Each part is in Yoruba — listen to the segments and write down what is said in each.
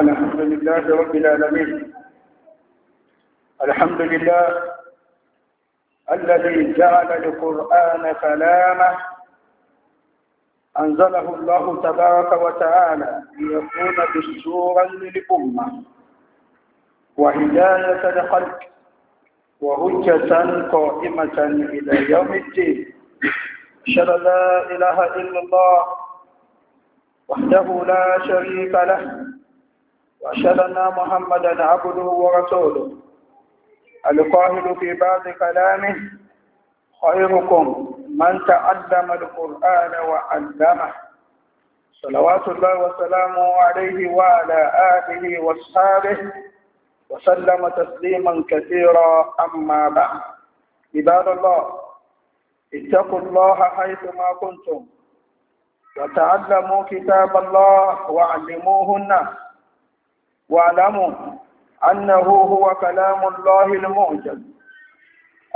الحمد لله رب العالمين الحمد لله الذي جعل القرآن كلامه أنزله الله تبارك وتعالى ليكون دستورا للأمة وهداية لخلق وهجة قائمة إلى يوم الدين أشهد لا إله إلا الله وحده لا شريك له وأشهد أن محمدا عبده ورسوله القاهر في بعض كلامه خيركم من تعلم القرآن وعلمه صلوات الله وسلامه عليه وعلى آله وأصحابه وسلم تسليما كثيرا أما بعد عباد الله اتقوا الله حيث ما كنتم وتعلموا كتاب الله وعلموه الناس واعلموا أنه هو كلام الله المعجز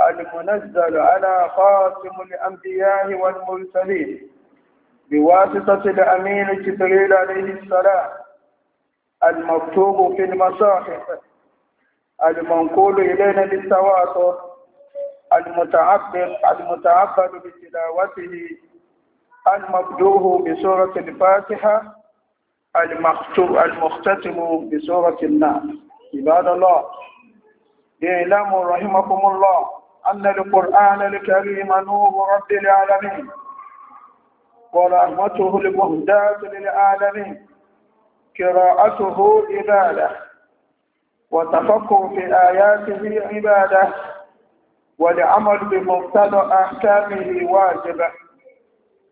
المنزل على خاتم الأنبياء والمرسلين بواسطة الأمين جبريل عليه السلام المكتوب في المصاحف المنقول إلينا بالتواصل المتعبد المتعبد بتلاوته المبدوه بسورة الفاتحة المختتم بسورة النعم عباد الله اعلموا رحمكم الله أن القرآن الكريم نور رب العالمين ورحمته المهداة للعالمين قراءته عبادة وتفكر في آياته عبادة والعمل بمقتضى أحكامه واجبة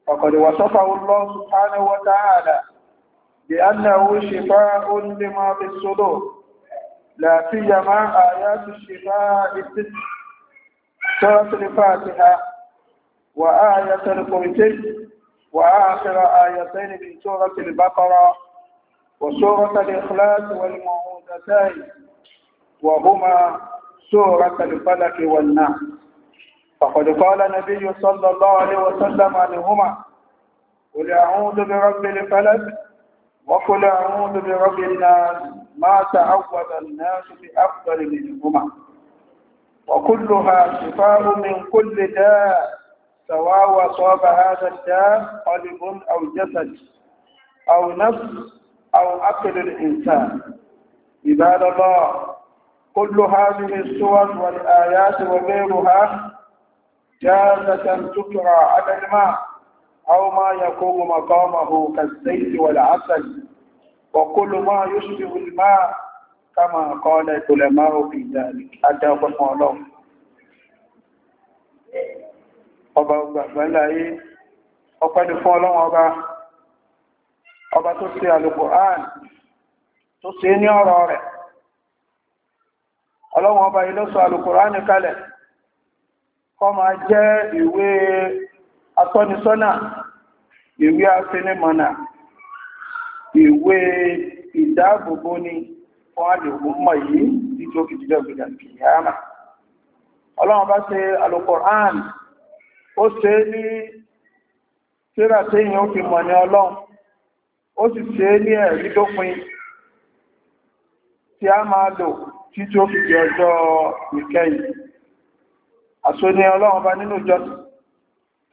فقد وصفه الله سبحانه وتعالى لأنه شفاء لما في الصدور لا سيما آيات الشفاء الست سورة الفاتحة وآية الكرسي وآخر آيتين من سورة البقرة وسورة الإخلاص والمعوذتين وهما سورة الفلك والنعم فقد قال النبي صلى الله عليه وسلم عنهما قل أعوذ برب الفلك وقل أعوذ برب الناس ما تعوذ الناس بأفضل منهما وكلها شفاء من كل داء سواء أصاب هذا الداء قلب أو جسد أو نفس أو عقل الإنسان عباد الله كل هذه السور والآيات وغيرها جازة تكرى على الماء أو ما يقوم مقامه كالزيت والعسل وكل ما يشبه الماء كما قال العلماء في ذلك حتى يقول معلوم ọba ọgbàgbà láyé ọpẹ́lú fún ọlọ́run ọba ọba tó ṣe Al-Qur'an tó ṣe ní ọ̀rọ̀ rẹ̀ ọba ilé sọ jẹ́ atọ́nisọ́nà ìwé afẹ́nimọ̀nà ìwé ìdáàbòbò ni wọ́n a lè wọ́n mọ̀ yìí títí ó kìtìjọ́ ìgbìyàn kìyàmà ọlọ́run bá ṣe alùkọ̀rán ó ṣe ní tíra tí èyàn ó fi mọ̀ ní ọlọ́run ó sì ṣe ní ẹ̀rí tó pin tí a máa lò títí ó kìtì ọjọ́ ìkẹyìn àṣò ní ọlọ́run bá nínú ìjọsìn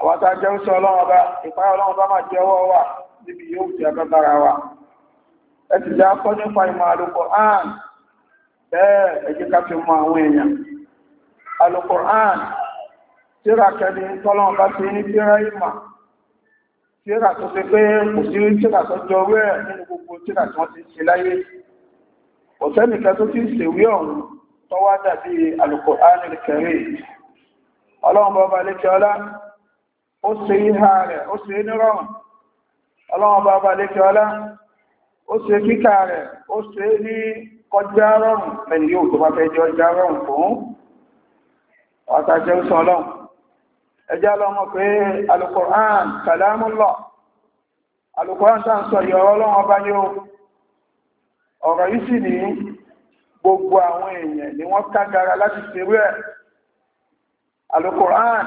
àwọn tá a jẹ́ oṣù ọlọ́run ọba ìpáyà ọlọ́run ọba máa jẹ́ ọwọ́ wà níbi yóò ti agbára wa ẹ ti jẹ́ akọ́ nípa ìmọ̀ Al-Qur'an bẹ́ẹ̀ ẹ jẹ́ ká fi mọ àwọn èèyàn Al-Qur'an tíra kẹni tọ́lọ́run bá ti ní tíra ìmọ̀ tíra tó ti pé kò sí tíra tó jọ wẹ́ nínú gbogbo tíra tí wọ́n ti ṣe láyé ọ̀sẹ́nìkan tó ti ṣèwé ọ̀hún tọ́wọ́ dàbí Al-Qur'an Al-Karim ọlọ́run bọ́ba lẹ́kẹ́ ọlá ó ṣe ìhà rẹ̀ ó ṣe nírọ̀rùn ọlọ́wọ́ bá bá lékẹ́ ọlá ó ṣe kíkà rẹ̀ ó ṣe ní kọjá rọrùn lẹ́ni yóò tó bá fẹ́ jẹ́ ọjá rọrùn fún ọ̀tàjẹ́ alukoran ọ̀rọ̀ gbogbo àwọn èèyàn ni wọ́n kágara láti alukoran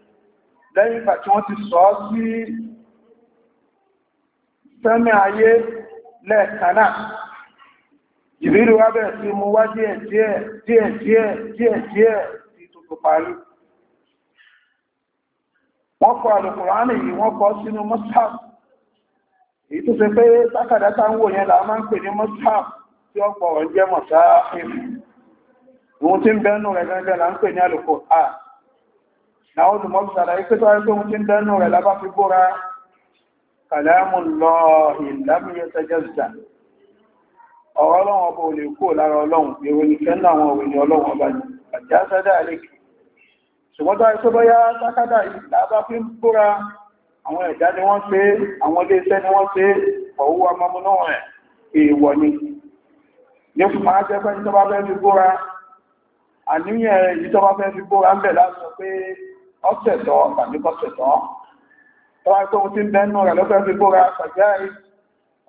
lẹ́yìn ìgbà tí wọ́n ti sọ sí sẹ́mẹ́ ayé lẹ́ẹ̀kaná ìrírí wá bẹ̀rẹ̀ sí mú wá díẹ̀ díẹ̀ díẹ̀ díẹ̀ díẹ̀ díẹ̀ sí tuntun parí wọ́n kọ alùkùránì yìí wọ́n kọ sínú mọ́sáàpù èyí tó ṣe pé tákàdá táwọn òyìn là máa ń pè ní mọ́sáàpù tí ọ̀pọ̀ ọ̀rọ̀ jẹ́ mọ̀sáàpù ohun tí ń bẹ́nu rẹ̀ gẹ́gẹ́ là ń pè ní alùkùránì láwọn olùmọ́bùsàdá ikú tó wáyé tóhun tí ń dánú rẹ̀ lábá fi bóra kalamullahi lam yatajazza ọ̀rọ̀ ọlọ́run ọba ò lè kó lára ọlọ́run ìròyìn kẹ́nà àwọn òwìnrin ọlọ́run ọba ni àjásádá àlékì ṣùgbọ́n tó wáyé tó bọ́yá sákádà lábá fi ń bóra àwọn ẹ̀dá ni wọ́n ṣe àwọn iléeṣẹ́ ni wọ́n ṣe ọ̀wọ́ amọ́mọ́nà rẹ̀ èèwọ̀ ni ní fún máa jẹ́ pẹ́ ní fẹ́ fi bóra àníyàn rẹ̀ fẹ́ fi bóra ń bẹ̀ láti sọ pé ọ̀sẹ̀tọ̀ tàbí kọ́sẹ̀tọ̀ tọ́wà ikú tí ń bẹ́nu rẹ̀ lọ́pẹ́ fi bóra pàjáì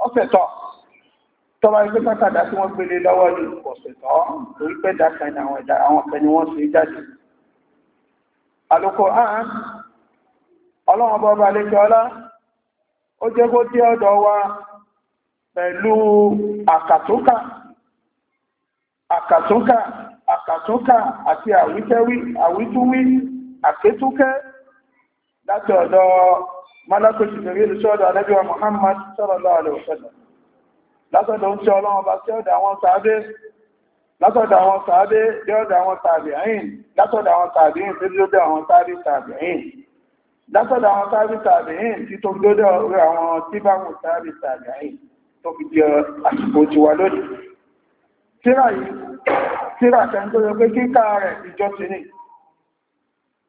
ọ̀sẹ̀tọ̀ tọ́wà ikú sákàdá tí wọ́n gbélé lọ́wọ́ ní ọ̀sẹ̀tọ̀ torí pé dákan ní àwọn ẹ̀dà àwọn ọ̀fẹ́ ni wọ́n sì jáde àlùkò àán ọlọ́run ọba ọba lè jọlá ó jẹ́ kó dé ọ̀dọ̀ wa pẹ̀lú àkàtúnkà àkàtúnkà àkàtúnkà àti àwítẹ́wí àwítúwí àkétúkẹ́ láti ọ̀dọ̀ malakul jibril sọ́dọ̀ alẹ́bíwa muhammad sallallahu alaihi wasallam látọ̀dọ̀ ń tí ọlọ́run bá sí ọ̀dọ̀ àwọn sàábé látọ̀dọ̀ àwọn sàábé dé ọ̀dọ̀ àwọn tàbí'ìn látọ̀dọ̀ àwọn tàbí'ìn tí ó dé àwọn tàbí tàbí'ìn látọ̀dọ̀ àwọn tàbí tàbí'ìn tí tó gbódọ̀ orí àwọn tí bá mú tàbí tàbí'ìn tó fi jẹ àsìkò ti wà lónìí tíra yìí tíra kẹ́ ń pé kíkà rẹ̀ ìjọsìn ni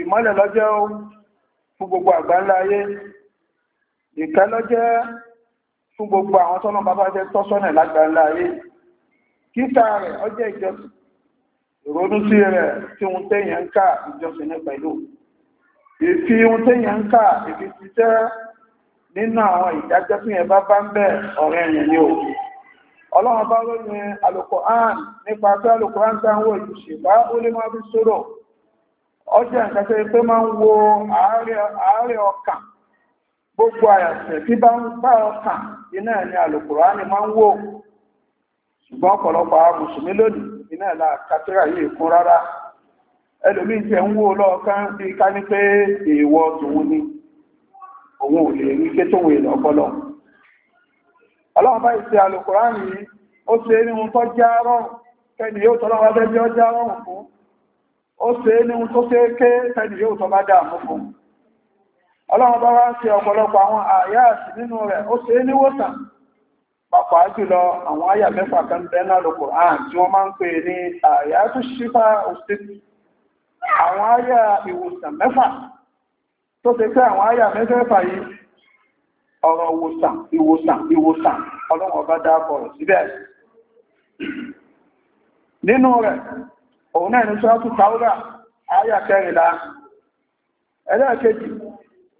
ìmọ́lẹ̀ lọ́jẹ́ fún gbogbo àgbáńlá ayé ìkẹ́ lọ́jẹ́ fún gbogbo àwọn tọ́nà bàbá jẹ́ tọ́sọ́nà lágbàńlá ayé kíkà rẹ̀ ọjẹ́ ìjọsìn ìrònú sí rẹ̀ tí ohun tẹ́yẹ ń ká ìjọsìn ní pẹ̀lú ìfi ń ìfi ṣiṣẹ́ nínú àwọn ìdájọ́ tí bá ń bẹ̀ ọ̀rẹ́ ẹ̀yìn ni ọlọ́run bá lóyún nípa ọjọ́ ìkẹsẹ̀ pé máa ń wo ààrẹ ọkàn gbogbo àyàṣẹ̀ tí bá ń bá ọkàn iná ẹni àlùkùránì máa ń wò ṣùgbọ́n ọ̀pọ̀lọpọ̀ mùsùlùmí lónìí iná ẹ̀là kàtírà yìí kún rárá ẹlòmí tẹ ń wò lọ́ọ̀kan ní yóò tọ́lọ́wọ́ ó ṣe ní tó ṣe ké tẹ́lì yóò tọ́ bá dáàmú fún ọlọ́run bá wá sí ọ̀pọ̀lọpọ̀ àwọn àyáàsì nínú rẹ̀ ó ṣe ní wòsàn pàpà jùlọ àwọn àyà mẹ́fà kan bẹ́ẹ̀nà lókò àn tí wọ́n máa ń pè ní àyáàtú ṣífà òṣèlú òun náà ní ṣọ́ọ̀tù tàúrà ayà kẹrìnlá ẹlẹ́ẹ̀kejì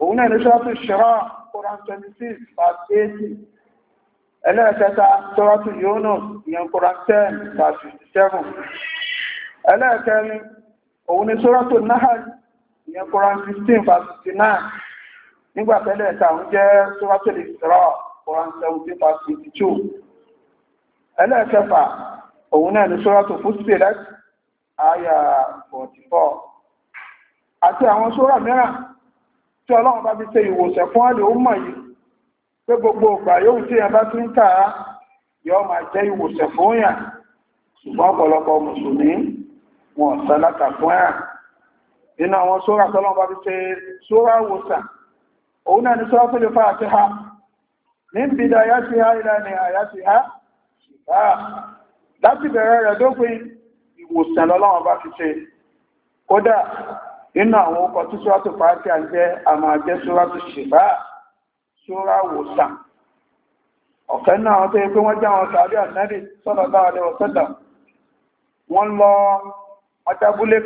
òun náà ní ṣọ́ọ̀tù ṣọ́rọ̀ Quran 26 verse 80 ẹlẹ́ẹ̀kẹta ṣọ́ọ̀tù Yunus ìyẹn Quran 10 verse 57 ẹlẹ́ẹ̀kẹrin òun ní ṣọ́ọ̀tù Nahl ìyẹn Quran 16 verse 59 nígbàtẹ́lẹ̀ ẹ̀ta òun jẹ́ ṣọ́ọ̀tù Isra 17 àyà 44 àti àwọn ṣóra mìíràn tí ọlọ́run bá fi ṣe ìwòsàn fún àlè ó yìí pé gbogbo ọgbà yóò tí ẹ bá tí ń kà yọ ma jẹ́ ìwòsàn fún ṣùgbọ́n ọ̀pọ̀lọpọ̀ mùsùlùmí wọn sálátà fún àwọn tọ́lọ́run bá fi ṣe òun náà ni ha ní bìdà ha ha láti ìwòsàn bá fi ṣe kódà nínú àwọn ọkọ̀ tí ṣúrátù fàájì àmà àjẹ́ ṣúrátù ṣìbá ṣúra wòsàn ọ̀kẹ́ náà tó yẹ pé wọ́n jẹ́ àwọn sàárẹ́ ànẹ́rì sọ́dọ̀ bá wọ́n lọ ọjábúlé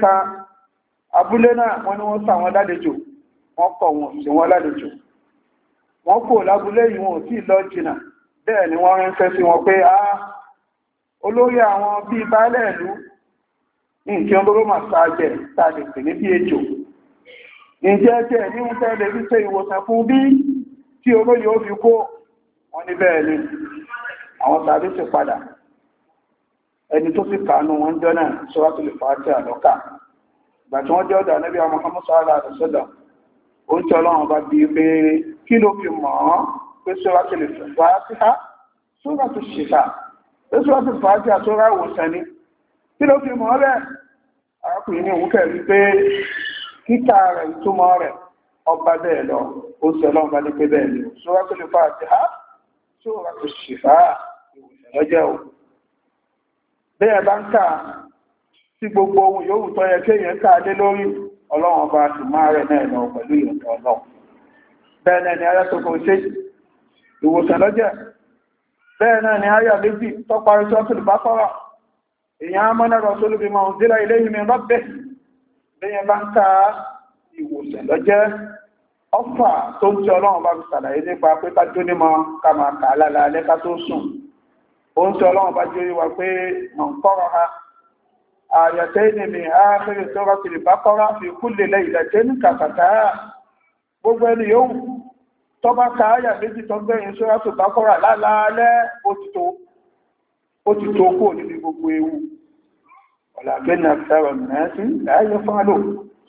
ah, olórí àwọn bíi ìlú nǹkan gbogbo máa sáájẹ̀ tàbí pè ní bí èjò ìjẹ́ jẹ́ ní ń tẹ́lẹ̀ bí ṣe ìwòsàn fún bí tí olóyè ó fi kó wọn ní bẹ́ẹ̀ ni àwọn tàbí ti padà ẹni tó sì kàánú wọn jọ náà sọ́wọ́tò lè fàájẹ́ àlọ́kà ìgbà tí wọ́n jẹ́ ọ̀dà níbi àwọn hamasara àdọ́sọ́dà ó ń tọ́lọ́ wọn bá bí pé kí ló fi mọ̀ ọ́n pé sọ́wọ́tò lè fàájẹ́ àtúrà ìwòsàn ni kí ló fi mọ̀ rẹ̀ arákùnrin ní òun kẹ̀rí pé kíkà rẹ̀ ìtumọ̀ rẹ̀ ọba bẹ́ẹ̀ lọ ó sì ọlọ́run ní pé bẹ́ẹ̀ ni ṣọ́ra tó lè fa ha tó sì fa ìwòsàn o bẹ́ẹ̀ bá ń kà sí gbogbo ohun yẹ dé lórí ọlọ́run ọba máa rẹ̀ náà lọ pẹ̀lú bẹ́ẹ̀ náà ni ṣe ìwòsàn bẹ́ẹ̀ náà ni méjì tọ́parí bá fọ́rọ̀ èyàn á mọ́nà rọ̀sọ́lù bí ma ń sílá ilé ìmì rọ́bẹ̀ lẹ́yìn bá ń ká ìwòsàn lọ́jẹ́ ọfà tó ń tí ọlọ́run bá fi sàlàyé nípa pé ká jó nímọ̀ ká máa kà á lálẹ́ ká tó sùn ó ń tí ọlọ́run bá jó wá pé mọ̀ ń kọ́rọ̀ ha àyàtẹ́ ìnìmì áhẹ́rẹ́ tó rọ́kìlì bá kọ́rọ́ fi kúlè lẹ́yìnlẹ́jẹ́ ní kàkàtà gbogbo ẹni yóò tọ́ bá ka áyà méjì tó gbẹ̀yìn ó ti tó kó nínú gbogbo ewu ọ̀làgbẹ́ na sára mẹ́sí láàyè fánlò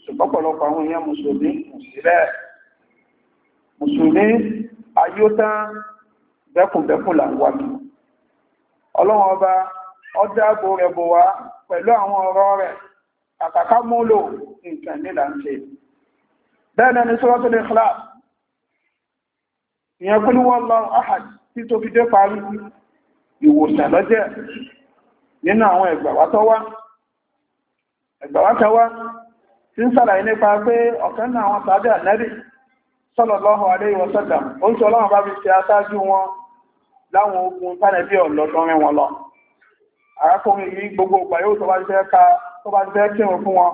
ṣùgbọ́pọ̀lọpọ̀ àwọn èèyàn mùsùlùmí mùsùlẹ̀ mùsùlùmí ayótá bẹ́kùnbẹ́kùn làwàbí ọlọ́run ọba ọdáàbò rẹ̀ bò wá pẹ̀lú àwọn ọ̀rọ̀ rẹ̀ àtàkà múlò nǹkan nílà ni Suratul Ikhlas ìyẹn kúlúwọ́ lọ áhàd ìwòsàn lọ́jẹ́ nínú àwọn ẹgbàwátọ́wá tí ń sàlàyé nípa pé ọ̀kan náà àwọn sàájá nẹ́rì sallallahu alaihi wasallam ó ń sọ ọlọ́run bá fi ṣe aṣáájú wọn láwọn ogun tánẹ̀bí ọ̀lọ́tọ́rin wọn lọ arákùnrin yìí gbogbo ìgbà yóò tó bá jẹ́ kírun fún wọn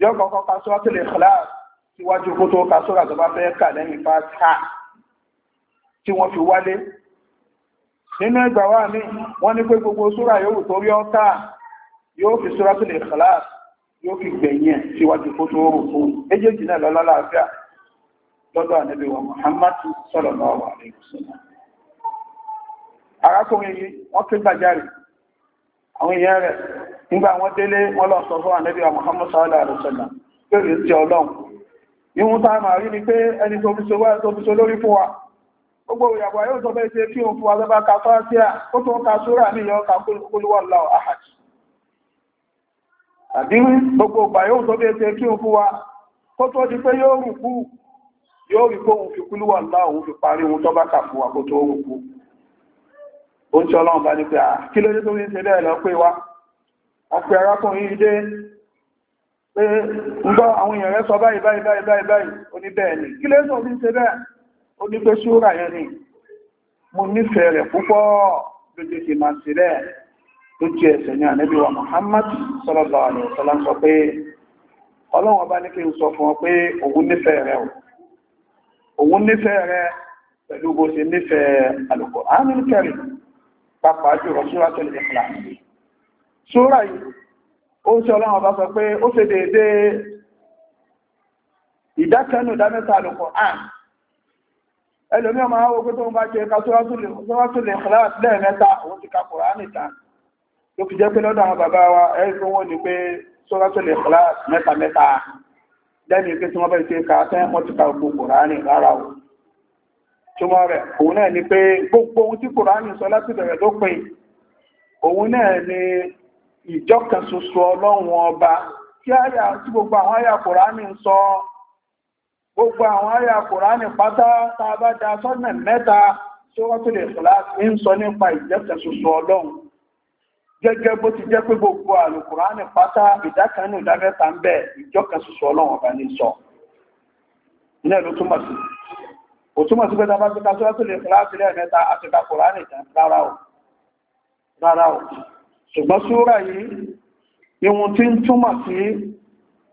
yóò kọ́kọ́ ka nínú ẹgbà wà ní wọ́n ní pé gbogbo súra yóò tó rí ọ́ta yóò fi súra tó lè kàlás yóò fi gbẹ̀yìn síwájú kó tó rò fún méjèèjì náà lọ lálàáfíà lọ́dọ̀ ànẹ́bí wọn Muhammadu sọ̀rọ̀ náà wà ní ìsúná arákùnrin yìí wọ́n ké gbàjáre àwọn èèyàn rẹ̀ nígbà wọ́n délé wọ́n lọ sọ fún ànẹ́bí wa Muhammadu sọ̀rọ̀ àrùsọ̀nà pé ìrìn tí ọlọ́run ìhun tá a máa rí ni pé ẹni tó fi so lórí fún wa gbogbo ìyàwó yóò sọ bẹ́ẹ̀ kí òun fún agbẹ́bá ka fásíà ó tún ka sóra ní ka láwọ̀ àhàjì àbí gbogbo ìgbà yóò sọ bẹ́ẹ̀ kí òun fún wa kó tó di pé yóò rí òun fi kólúwà láwọ̀ òun fi parí ohun tó bá kà wa kó tó kú sọ báyìí báyìí báyìí báyìí ni kí ó ní pé ṣúra yẹn ni mo nífẹ̀ẹ́ rẹ̀ púpọ̀ lójú ti máa sí rẹ̀ lójú ẹsẹ̀ ní Muhammad sallallahu alaihi wasallam sọ pé ọlọ́run ọba ní kí n sọ fún ọ pé òun nífẹ̀ẹ́ rẹ̀ òun nífẹ̀ẹ́ rẹ̀ pẹ̀lú bó ṣe nífẹ̀ẹ́ Al-Qur'an Al-Karim pàpà jùlọ ṣúra tó lè fìlà ṣúra yìí ìdákanù ìdámẹ́ta Al-Qur'an ẹlòmí ọmọ àwọn ogun tó ń bá ṣe ẹka Suratul Ikhlas lẹ́ẹ̀mẹ́ta òun ti wa ẹ̀rùn ni pé Suratul Ikhlas mẹ́ta mẹ́ta lẹ́nu pé tí wọ́n bá ṣe ẹka tẹ́ wọ́n ti ka gbogbo náà ni pé gbogbo ohun tí Kùránì sọ láti ni ìjọ kan ṣoṣo Ọlọ́run ọba tí gbogbo àwọn àyà Kùránì sọ gbogbo àwọn àyà kòránì pátá tá bá da sọ́nà mẹ́ta Suratul Ikhlas ń sọ nípa ìjẹ́kẹ̀ṣoṣo ọlọ́run gẹ́gẹ́ bó ti jẹ́ pé gbogbo àlùkùránì pátá ìdákanú ìdámẹ́ta ń bẹ ìjọ́kẹ̀ṣoṣo ọlọ́run ọba ní sọ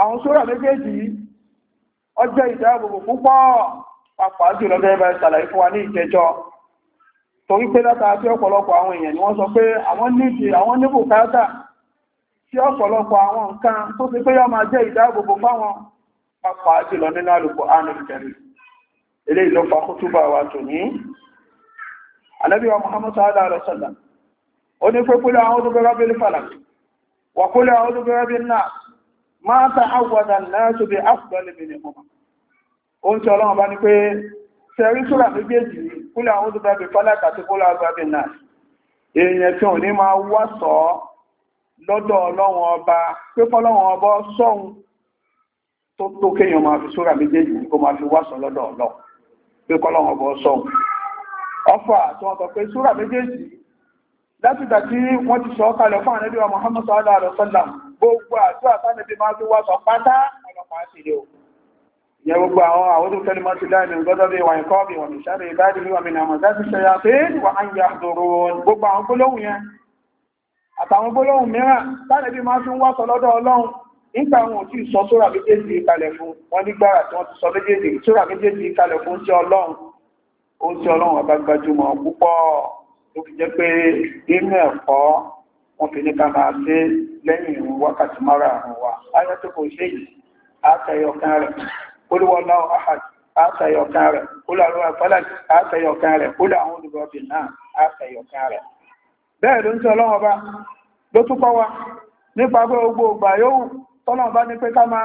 àwọn sóra méjèèjì ọjọ́ ìdáàbòbò púpọ̀ pàpàá jùlọ gẹ́gẹ́ ìsàlàyé fún wa ní ìjẹjọ torí pé látara tí ọ̀pọ̀lọpọ̀ àwọn èèyàn ni wọ́n sọ pé àwọn níbi àwọn káátà tí ọ̀pọ̀lọpọ̀ àwọn nǹkan tó fi pé yọ máa jẹ́ ìdáàbòbò fáwọn pàpàá jùlọ nínú máa ta àwọ̀dà láti bí àfùdọ́lẹ̀ mìíràn mọ́. oun tí ọlọ́run bá ní pé sẹ́rí súra méjèèjì kúlẹ̀ àwọn tó bẹ́ẹ̀ fọ́lẹ̀ àti kúlẹ̀ àgbàbí náà èèyàn tí ò ní máa wá sọ lọ́dọ̀ ọlọ́run ọba pé fọ́lọ́run ọba sọ́hun tó tó kéèyàn máa fi súra méjèèjì kó máa fi wá sọ lọ́dọ̀ ọlọ́run pé fọ́lọ́run ọba sọ́hun ọfà tí wọ́n sọ pé súra gbogbo àtúwà tánàbí máa tó wá sọ pátá ọlọ́pàá ti rí o yẹ gbogbo àwọn àwọn tó tẹ́lẹ̀ mọ́tí láì ní gbọ́dọ̀ bí wàyí kọ́ bí wọ̀n ìṣẹ́rẹ̀ ìbáàdì bí wọ́n mi nàmọ̀ láti ṣẹ̀yà pé wà á ń ya àdòrò gbogbo àwọn gbólóhùn yẹn àtàwọn gbólóhùn mìíràn tánàbí máa tún wá sọ lọ́dọ̀ Ọlọ́run nígbà wọn ò tí sọ sóra méjèèjì kalẹ̀ fún wọn nígbàrà tí wọ́n ti sọ méjèèjì sóra méjèèjì kalẹ̀ fún ti Ọlọ́run ó ti Ọlọ́run ọba gbajúmọ̀ púpọ̀ wọ́n fi ní ká máa dé lẹ́yìn ìrun wákàtí mara àrùn wa ayé tó kò ṣe yìí àtẹyọkan rẹ̀ olúwọlá ahad àtẹyọkan rẹ̀ olùwàlú àfọlá àtẹyọkan rẹ̀ olú àwọn olùrọ̀bì náà àtẹyọkan rẹ̀ bẹ́ẹ̀ ló ń sọ ọlọ́wọ́ bá ló tún kọ́ wa nípa pé gbogbo ògbà yóò tọ́lọ̀ bá ní pé ká máa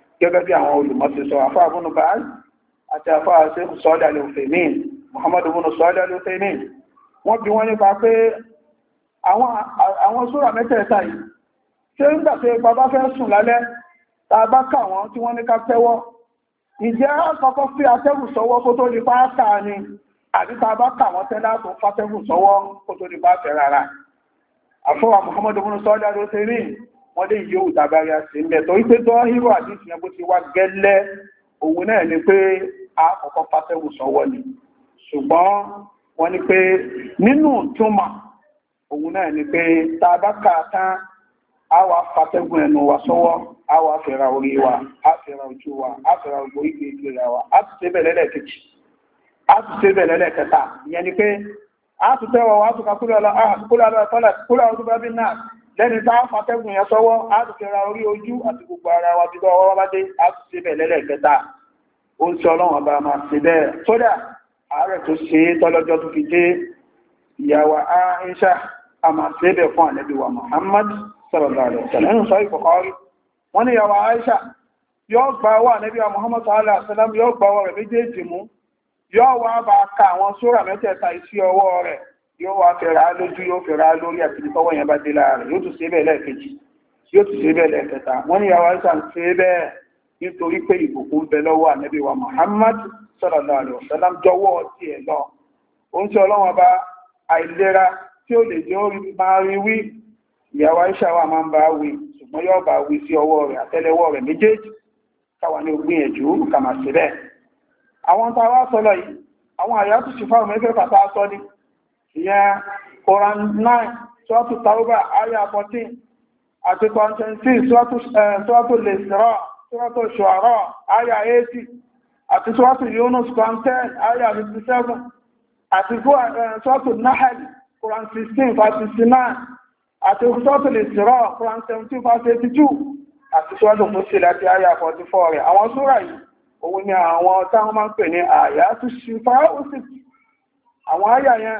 gẹ́gẹ́ bí àwọn olùmọ̀sí sọ àfáà búnú báyìí àti àfáà sí sọ́ọ́dà lè fè mí muhammadu búnú sọ́ọ́dà lè fè mí wọ́n bí wọ́n nípa pé àwọn súrà mẹ́tẹ̀ẹ̀ta yìí ṣe ń gbà pé bàbá fẹ́ sùn lálẹ́ tá a bá kà wọ́n tí wọ́n ní ká tẹ́wọ́ ìjẹ́ àkọ́kọ́ fi atẹ́gùn sọ́wọ́ kó tó di pa á kà ni àbí tá a bá kà wọ́n tẹ́lá tó fatẹ́gùn sọ́wọ́ kó tó di pa á fẹ́ rárá àfọwà muhammadu búnú sọ́ọ́dà lè fè mí wọ́n lè yóò dàgbàrí àti mẹ́tọ̀ wípé tó hírò àdìsí yẹn bó ti wá gẹ́lẹ́ òun náà ni pé a kọ́kọ́ pàtẹ́wù ni ṣùgbọ́n wọ́n ní pé nínú túmọ̀ òun náà ni pé tá a bá kà á tán a wà ẹnu wa sọwọ a wà wa a fẹ́ra ojú wa a wa wa a ka kúrò àlọ́ àlọ́ kúrò lẹ́ni tá a fàtẹ́gùn yẹn sọ́wọ́ a ti fi ra orí ojú àti gbogbo ara wa bí bọ́ ọwọ́ bá dé a ti ṣe bẹ̀ lẹ́lẹ́kẹta ó ń sọ ọlọ́run ọba máa ṣe bẹ́ẹ̀ sódà ààrẹ tó ṣe é tọ́lọ́jọ́ tó fi dé ìyàwó Aisha a máa ṣe bẹ̀ fún àlẹ́bí wa Muhammad sallallahu alaihi wasallam nínú sọ ìkọ̀kọ́ rí wọ́n ní ìyàwó Aisha yóò gba wà àlẹ́bí wa Muhammad sallallahu alaihi wasallam yóò gba ọwọ́ rẹ̀ méjèèjì mú yóò wá bá ka àwọn sóra mẹ́tẹ̀ẹ̀ta ìsí ọwọ́ rẹ̀ yóò wá fẹ́ra lójú yóò fẹ́ra lórí àti ìtọ́wọ́ yẹn bá dé láàrin yóò tún ṣe bẹ́ẹ̀ lẹ́ẹ̀kejì yóò tún ṣe bẹ́ẹ̀ lẹ́ẹ̀kẹta wọ́n ní yàwó àìsàn ṣe bẹ́ẹ̀ nítorí pé ìbùkún bẹ lọ́wọ́ ànábì Muhammad sallallahu alaihi wasallam jọ̀wọ́ ti ẹ̀ lọ ó ń ṣe ọlọ́wọ́n bá àìlera tí ó lè jẹ́ orí máa rí wí ìyàwó àìsàn wa máa ń bá wí ṣùgbọ́n yóò bá wí sí ọwọ́ rẹ̀ àtẹ́lẹwọ́ rẹ̀ méjèèjì káwa ní gbìyànjú kàmà síbẹ̀ àwọn tá a wá sọ lọ yìí àwọn àyà tó ṣe fáwọn mẹ́fẹ́ sọ ni ìyẹn Quran 9 sọ́tù tàúbà ayà 14 àti Quran 26 sọ́tù lèsìrọ̀ sọ́tù ṣọ̀rọ̀ ayà 80 àti sọ́tù Yunus Quran 10 ayà 57 àti sọ́tù eh, Nahl Quran 16 verse 9 àti sọ́tù lèsìrọ̀ Quran 17 verse 82 àti sọ́tù Musil àti ayà 44 rẹ̀ àwọn súrà yìí òun ni àwọn táwọn máa ń pè ní àyà tó ṣe fáwọn àwọn àyà yẹn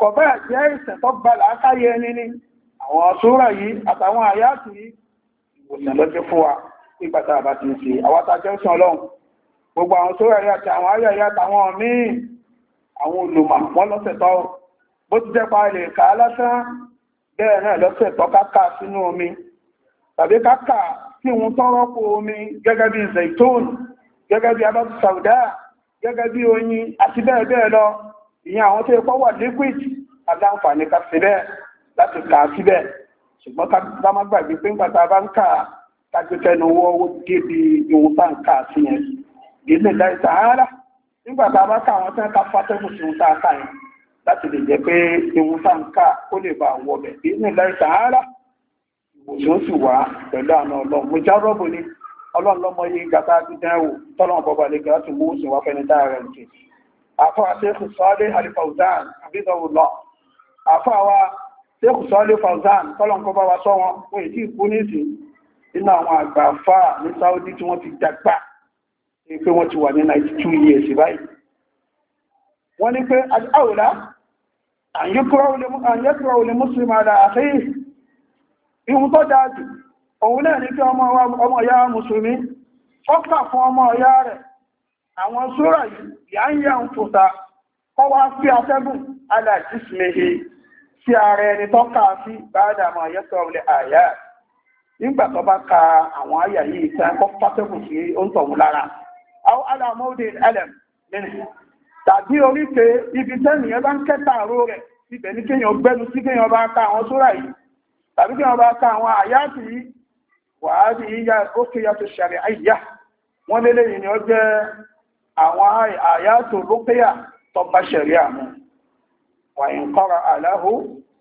kọ̀bá jẹ́ ìsẹ̀ tó gbà láàkáyé ẹni ní àwọn ọ̀ṣúra yìí àtàwọn àyàtì yìí ìwòsàn lọ́jọ́ fún wa nígbàtà àbá ti ń ṣe àwátàjẹ́ sàn lọ́hùn gbogbo àwọn tó rẹ̀ àti àwọn ayẹyẹ àtàwọn míì àwọn olùmọ̀ wọ́n lọ́sẹ̀ tọ́ bó ti jẹ́pa ilẹ̀ ìka lásán bẹ́ẹ̀ náà lọ́sẹ̀ tọ́ káka sínú omi tàbí káka sí ohun tó rọ́pò omi gẹ́gẹ́ bí zaitun gẹ́gẹ́ bí abátú sauda gẹ́gẹ́ bí oyin àti bẹ́ẹ̀ bẹ́ẹ̀ lọ ìyẹn àwọn tó pọ́ wà liquid aláǹfààní ká sí bẹ́ẹ̀ láti kà á ṣùgbọ́n ká má gbàgbé pé nígbà tá a bá ń kà á ní owó wọ́wọ́ débi ohun ń kà á sí yẹn ìdílé sàárà nígbà tá a bá kà àwọn tán ká sí ohun tá a kà yẹn láti lè jẹ́ pé ń kà ó lè bá bẹ̀ ìdílé sàárà sì wá pẹ̀lú àwọn àfáà Sheikh Salih Al-Fawzan àbídọ̀wùlọ́ àfáà wa Sheikh Salih Fawzan tọ́lọ̀nkọ́ bá wa sọ wọn wọ́n èdè ìkú nísìn nínú àwọn àgbà àfáà ní Saudi tí wọ́n ti dàgbà ní pé wọ́n ti wà ní 92 years báyìí wọ́n ní pé àwòlá àyẹ́kùrọ̀ olè mùsùlùmí àdá àfẹ́yìn ihun tó dáadì òun náà ní pé ọmọ ya mùsùlùmí ọkà fún ọmọ ya rẹ̀ àwọn súrà yìí yà ń yà ń fòta kọ́ sí atẹ́gùn aláìsísìmẹ̀hẹ́ ara ẹni sí ayẹ́sọ̀ ka àwọn àyà yìí tí a kọ́ pátẹ́gùn sí oúnjẹ lára àwọn alẹ́m nínú tàbí ibi tẹ́nìyàn bá ń kẹta àró rẹ̀ ibẹ̀ ní kéèyàn gbẹ́nu sí kéèyàn bá ka àwọn súrà yìí tàbí kéèyàn bá ka àwọn àyà sí wàá di ó kéyà tó àyà wọ́n lélẹ́yìn ni àwọn àyàtò rúpíà tó bá ṣẹ̀rí àmú wàyín kọ́ra aláhù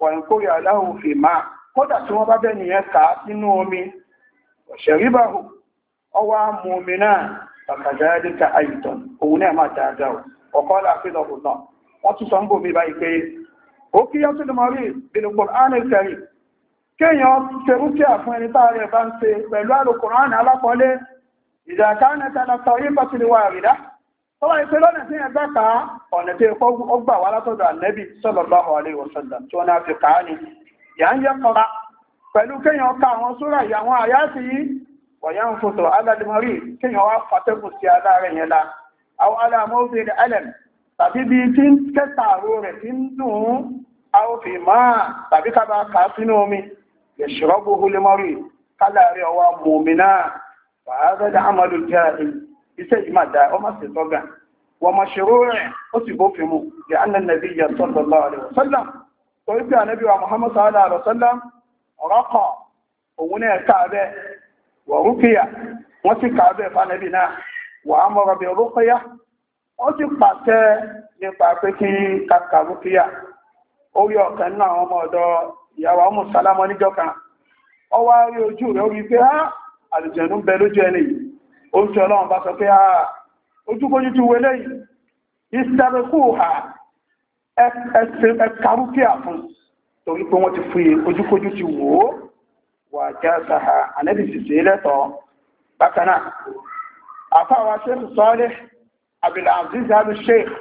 wàyín kórè aláhù fi máa kódà tí wọ́n bá bẹ́ nìyẹn ká nínú omi ṣẹ̀rí bá hù ọwá mú omi náà bàkàdáríkà àyìtàn òun náà máa dáadáa ọ̀kọ́ láàfíìlọ̀ ọ̀nà wọ́n tún sọ ń bò mí báyìí pé ó kí yọ́ tún mọ̀rí bínú Kùránì kẹrì kéèyàn tẹrúkíà fún ẹni táà rẹ̀ bá ń ṣe ìdàkánẹta na sọ yí rìdá sọba ìpé lọ́nà na ẹgbẹ́ ká ọ̀nà tí ó gbà wá látọ̀dọ̀ ànẹ́bì sallallahu alaihi wasallam tí wọ́n náà fi kàá ni yà ń yẹ kọ́ra pẹ̀lú kéèyàn ká àwọn súrà ìyàwọn àyá sí yí wọ̀nyá ń fòtò aládìmọ́rí kéèyàn wá fàtẹ́kù sí aláàrẹ̀ yẹn la àwọn aláàmọ́bìnrin iṣẹ́ yìí máa dá ọmọ sí tọ́gà wọ́n máa ṣe rúrẹ̀ ó sì bófin mu di annan nabi ya sallallahu alaihi wasallam tó ibi ànábì wa muhammad sallallahu alaihi wasallam rọ́kọ̀ òun náà káàbẹ̀ wọ̀ rúkìyà wọ́n sì káàbẹ̀ fánàbì náà wà á mọ̀rọ̀ bí rúkìyà ó sì pàṣẹ oúnjẹ ọlọ́run bá sọ pé ah, a ojúkójú ti wọlé yìí ìsàbẹ̀kú ha ẹ̀kàrúkíà fún torí pé wọ́n ti fi ojúkójú ti wò ó wà já sáà ànẹ́bì sì sí lẹ́tọ̀ọ́ bákaná àfáwà sheikh sọ́ọ́lẹ̀ abdulaziz alu sheikh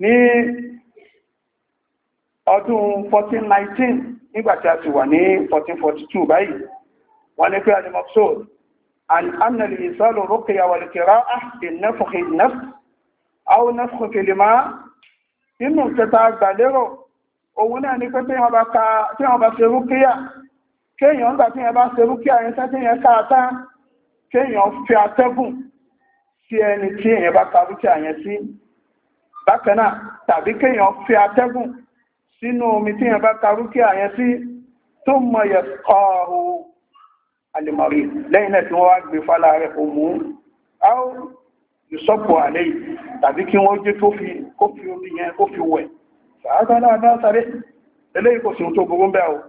ni ọdún 1419 nígbàtí a ti wà ní 1442 báyìí wọ́n ní pé alimọ́sọ́l annal isalu ya wal qira'a ìnẹ́fùkì nẹ́f au nẹ́fùkì lèmá inú kẹta gbàlérò òun náà ní pé tí wọ́n bá ṣe rúkíyà kéèyàn ń gbà tí wọ́n bá ṣe rúkíyà yẹn tẹ́ tí yẹn káàtá kéèyàn fi atẹ́gùn sí ẹni tí èèyàn bá ka rúkíyà yẹn sí bákan tàbí kéèyàn fi atẹ́gùn sínú omi tí yẹn bá karúkí àyẹn sí tó mọ̀ yẹ kọ́ọ̀rọ̀ alìmọ̀rí lẹ́yìn náà tí wọ́n wá gbé fálà rẹ̀ kò mú áó ìsọ́pọ̀ àlẹ́ yìí tàbí kí wọ́n jẹ́ kó fi omi yẹn kó fi wẹ̀ sàádọ́lá adásáré eléyìí kò sí tó gbogbo bẹ́ẹ̀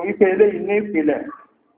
torí pé eléyìí ní ìpìlẹ̀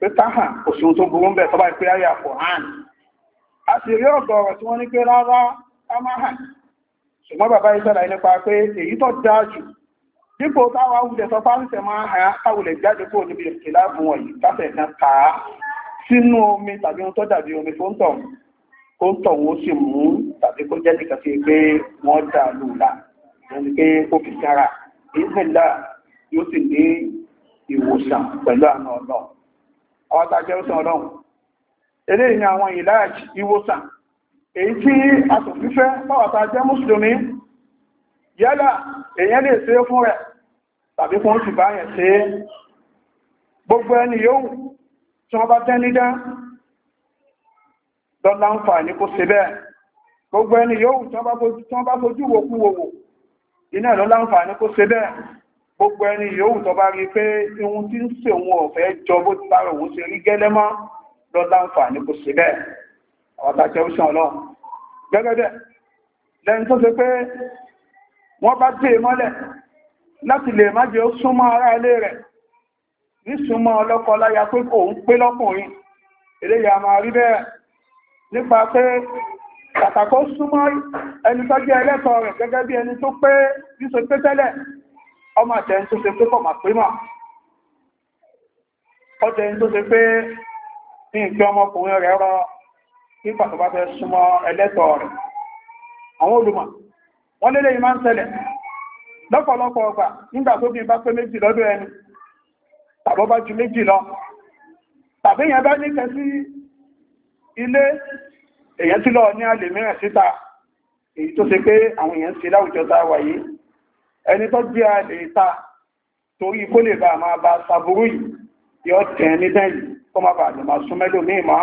pé táhà òṣùn tó burú ń bẹ̀ tọ́bá ìpé ayà fòhán a sì rí ọ̀dọ̀ ọ̀rọ̀ tí wọ́n ní pé rárá amáhà ṣùgbọ́n bàbá ìṣẹ́lá nípa pé èyí tó dáa jù dípò táwa wùdẹ̀ sọ fáńsẹ̀ máa ha táwùlẹ̀ jáde kó níbi èkè láàbù wọ̀nyí káfẹ̀ kan ta á sínú omi tàbí ohun tó dàbí omi tó ń tọ̀ kó ń tọ̀ wọ́n sì mú tàbí kó jẹ́ nìkan sí pé wọ́n dà lùlà ẹni pé ó fi kára ìfẹ̀lá yóò sì ní ìwòsàn pẹ̀lú àna ọlọ́run ọ̀tà jẹ́rùsàn ọlọ́run eléyìí ni àwọn ìlàjì ìwòsàn èyí tí a tó fífẹ́ pàwàtà jẹ́ mùsùlùmí yálà èyàn lè ṣe fún rẹ̀ tàbí fún ti báyẹ̀ ṣe gbogbo ẹni yóò tí wọ́n bá tẹ́ nídá lọ́lá ń fà ní kó ṣe bẹ́ẹ̀ gbogbo ẹni yóò tí wọ́n bá fojú wòkúwòwò iná lọ́lá ń fà ní kó se bẹ́ẹ̀ gbogbo ẹni yòówù tó bá rí pé ihun tí ń ṣe òun ọ̀fẹ́ jọ bó ti bára òun ṣe rí gẹ́lẹ́ mọ́ lọ láǹfààní kò sí bẹ́ẹ̀ àwọn tàjẹ́ ó sàn lọ́wọ́ gẹ́gẹ́dẹ́ lẹ́ni tó ṣe pé wọ́n bá dé e mọ́lẹ̀ láti lè má jẹ́ ó súnmọ́ ará ilé rẹ̀ ní súnmọ́ ọlọ́kọ láya pé kò ń pé lọ́kùnrin eléyà máa rí bẹ́ẹ̀ nípa pé kàtàkó súnmọ́ ẹni tó jẹ́ ẹlẹ́tọ̀ọ́ rẹ̀ gẹ́gẹ́ bí ẹni tó pé bí so pé tẹ́lẹ̀ ọmọ àtẹ́ tó ṣe pé kọ̀mà pímọ̀ ọjẹ́ tó ṣe pé ní ìpẹ́ ọmọkùnrin rẹ̀ rọ nípa tó bá súnmọ́ ẹlẹ́tọ̀ rẹ̀ àwọn olùmọ̀ wọ́n lélẹ̀ yìí máa ń ṣẹlẹ̀ lọ́pọ̀lọpọ̀ ọgbà nígbà tó ẹni tó jẹ́ àlè ìta torí kó lè bá máa bá sàbúrú yìí yọ tẹ̀ ní dẹ́yìn kó má bàa máa sún ní ìmọ̀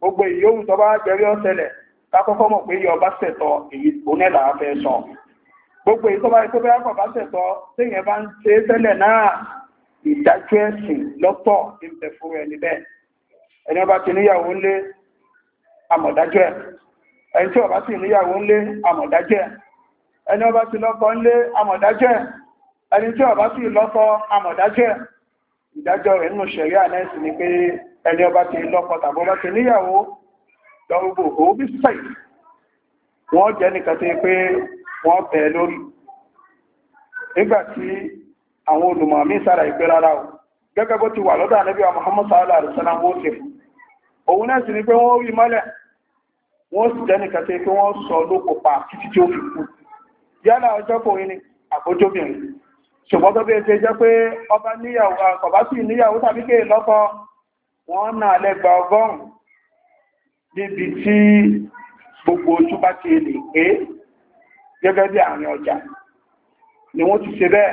gbogbo ìyóhù tó bá jẹrí ọ̀sẹ̀lẹ̀ kákọ́kọ́ mọ̀ pé yọ bá èyí fẹ́ sọ gbogbo èyí tó bá tó bá bá ṣẹ̀tọ̀ téèyàn bá ń ṣe tẹ́lẹ̀ náà ìdájọ́ ẹ̀sìn lọ́tọ̀ ní fún ẹni bẹ́ẹ̀ ẹni ọba ti níyàwó ńlé àmọ̀dájọ́ ẹ̀ ẹni tí ọba sì níyàwó ńlé àmọ̀dájọ́ ẹ̀ ẹni ọba ti lọ́kọ nle amọ̀dájẹ́ ẹni tí ọba ti lọ́kọ amọ̀dájẹ́ ìdájọ́ rẹ̀ nínú ṣẹ̀rí ànẹ́sì ni pé ẹni ọba ti lọ́kọ tàbí ọba ti níyàwó lọ́rùgbò òbí sẹ́ì wọ́n jẹ́ nìkan tí pé wọ́n bẹ̀ lórí àwọn sára ìgbé rárá o gẹ́gẹ́ bó ti wà lọ́dọ̀ Muhammad sallallahu alaihi wasallam wó ṣe òun ni pé wọ́n rí mọ́lẹ̀ wọ́n sì jẹ́ nìkan tí pé wọ́n sọ fi kú yálà ọjọ́kùnrin ni àbójóbìnrin ṣùgbọ́n tó bí ẹsẹ jẹ́ pé ọba níyàwó àkọ̀bá sì níyàwó tàbí kéè lọ́kọ wọ́n nà lẹ́gbà ọgọ́rùn-ún níbi tí gbogbo ojú bá ti lè pé gẹ́gẹ́ bí àárín ọjà ni wọ́n ti ṣe bẹ́ẹ̀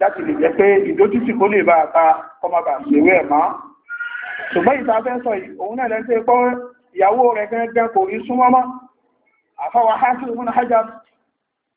láti lè jẹ́ pé ìdójútì kó lè bá àpá ọmọbà ṣèwé ẹ̀mọ́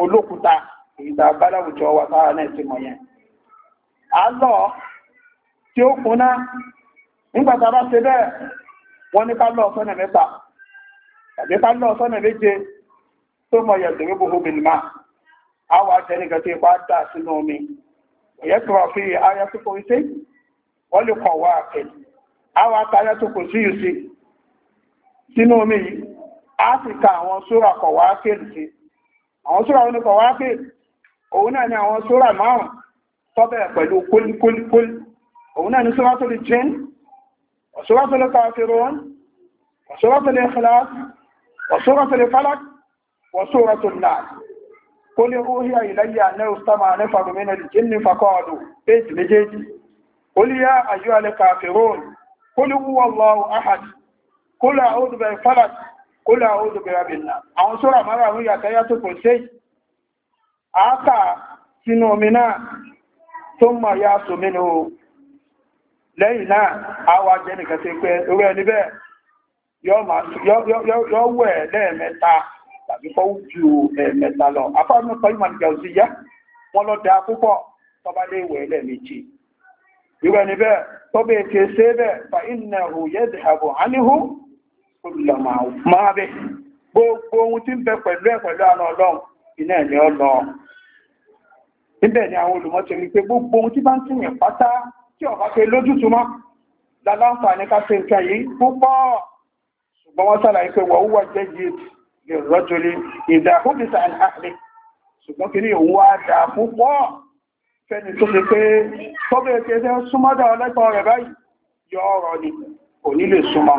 olókúta ìgbà báláwùjọ wà sára náà ti mọ̀ yẹn tí ó kúnná nígbàtà bá ṣe bẹ́ẹ̀ wọ́n ní ká lọ sọ́nà mẹ́ta tàbí ká lọ sọ́nà méje tó mọ̀ tí ipa dà sínú omi ìyẹ́kùnrọ̀ sínú àwọn súra wọn ni kọ̀ wá pé òun náà ni àwọn súra márùn tọ́bẹ̀ pẹ̀lú kólíkólíkólí òun náà ni súra tó lè jẹ́ ọ̀sọ́rọ̀ tó lè kàfírún ọ̀sọ́rọ̀ tó lè ikhlas ọ̀sọ́rọ̀ tó lè falak ọ̀sọ́rọ̀ tó lè قل kólà òdòbìrabìnà àwọn sọ́rọ̀ mara àwọn yàtayá tó kò sí àákà sínú omi náà tó mọ̀ ya sòmínú lẹ́yìn náà àwà jẹ́ nìkan sí orí ẹni bẹ́ẹ̀ yọ́ wẹ̀ lẹ́ẹ̀mẹ́ta tàbí kọ́ ju ẹ̀ẹ̀mẹ́ta lọ afọ́nù da máa bẹ́ gbogbo ohun tí ń bẹ pẹ̀lú ẹ̀ pẹ̀lú àna ọlọ́run iná ẹ̀ ni ọ lọ níbẹ̀ ni àwọn olùmọ̀ ti rí pé gbogbo ohun tí bá ń tìyàn pátá tí ọ̀bá pé lójútùmọ́ láláǹfààní ká ṣe nǹkan yìí púpọ̀ ṣùgbọ́n wọ́n sàlàyé pé wọ́n wúwà jẹ́ yìí lè rọ́jòlé ìdáhùnbíta àlè ṣùgbọ́n kí ní òun wá dà púpọ̀ fẹ́ni tó ṣe pé tọ́bẹ̀ẹ́ tẹ́ súnmọ́dà ọlẹ́tọ̀ rẹ̀ báyìí yọ ọ̀rọ̀ ni kò ní lè súnmọ́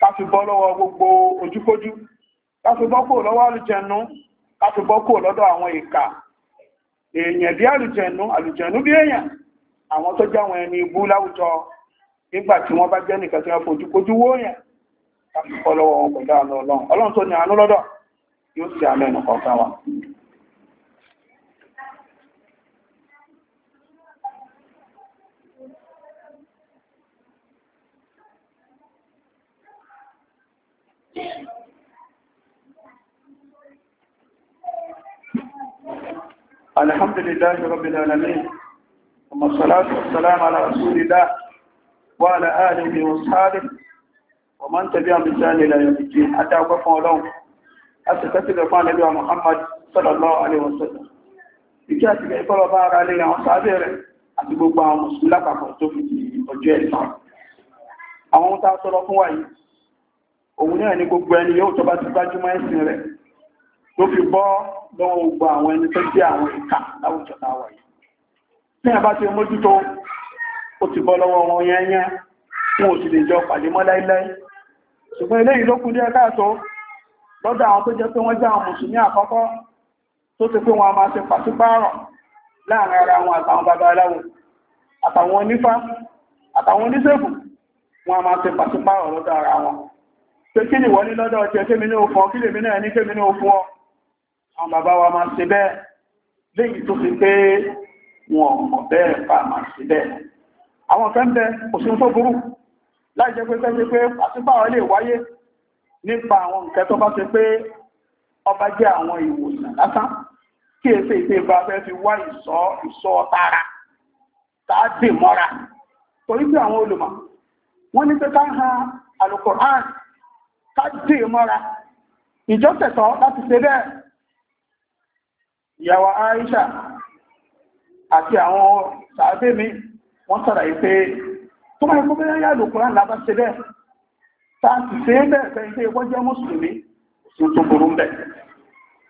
káfí bọ́ lọ́wọ́ gbogbo ojúkójú káfí bọ́ kò lọ́wọ́ àlùjẹnu káfí bọ́ kò lọ́dọ̀ àwọn ìkà èèyàn bí àlùjẹnu àlùjẹnu bí èèyàn àwọn tó jẹ́ àwọn ẹni ibú láwùjọ nígbà tí wọ́n bá jẹ́ nìkan tí wọ́n fojú kojú wó yẹn káfí bọ́ lọ́wọ́ ọlọ́run ọlọ́run tó ní àánú yóò sì àánú kọ̀ọ̀kan wa الحمد لله رب العالمين ثم الصلاة والسلام على رسول الله وعلى آله وصحابه ومن تبعهم بإحسان إلى يوم الدين حتى وقفوا لهم أستكتب فان نبي محمد صلى الله عليه وسلم ìkí àti ìgbẹ̀kọ́ lọ bá ara lè àwọn sábẹ́ rẹ̀ àti gbogbo àwọn mùsùlùmí lápapọ̀ tó fi di ọjọ́ ẹ̀sán àwọn ohun tá a sọ́lọ fún wa yìí òun náà ni gbogbo ẹni yóò tó bá ti gbájúmọ́ ẹ̀sìn rẹ̀ tó fi bọ́ lọ́wọ́ gbogbo àwọn ẹni tó jẹ́ àwọn ìkà láwùjọ láwà yìí ní àbá ti mójútó ó ti bọ́ lọ́wọ́ wọn yẹnyẹ fún òsì lè jọ pàdé mọ́ láíláí ṣùgbọ́n eléyìí ló kù díẹ̀ káàtó lọ́dọ̀ àwọn tó jẹ́ pé wọ́n jẹ́ àwọn mùsùlùmí àkọ́kọ́ tó ti pé wọn a máa ṣe pàṣípààrọ̀ láàrin ara wọn àtàwọn baba aláwo àtàwọn onífá àtàwọn oníṣègùn wọn a máa ṣe pàṣípààrọ̀ lọ́dọ̀ ara wọn pé kí ni wọ́n ní lọ́dọ̀ ọ̀tẹ́ kémi ní òfin ọ kí lèmi náà ní kémi ní òfin ọ àwọn bàbá wa máa ṣe bẹ́ẹ̀ léyìí tó fi pé wọn ọmọ bẹ́ẹ̀ pa máa ṣe bẹ́ẹ̀ àwọn kan bẹ òṣun tó burú láì jẹ́ pé sẹ́jẹ́ pé pàṣípàwọ̀ lè wáyé nípa àwọn nǹkan tó bá ṣe pé ọba jẹ́ àwọn ìwòsàn lásán kí èsè ìpé bá fẹ́ fi wá ìsọ́ ìsọ́ tara tààdì mọ́ra torí pé àwọn olùmọ̀ wọ́n ní pé ká ha Al-Qur'an ká dì mọ́ra ìjọ́sẹ̀tọ̀ láti ṣe bẹ́ẹ̀ ìyàwó Aisha àti àwọn sàábé mi wọ́n sára ìpé tó máa ikú bẹ́rẹ̀ yàlò kúrán lábá ṣe bẹ́ẹ̀ sáàtì ṣe bẹ́ẹ̀ fẹ́ ilé jẹ́ mùsùlùmí sí tó burú bẹ̀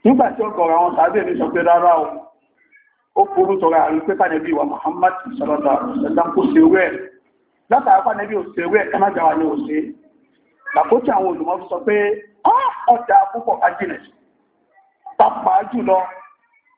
nígbà tí àwọn mi sọ pé rárá o ó tọrọ àrí pé wa Muhammad kó ṣe wẹ́ wẹ́ àwọn sọ pé ọ̀dà púpọ̀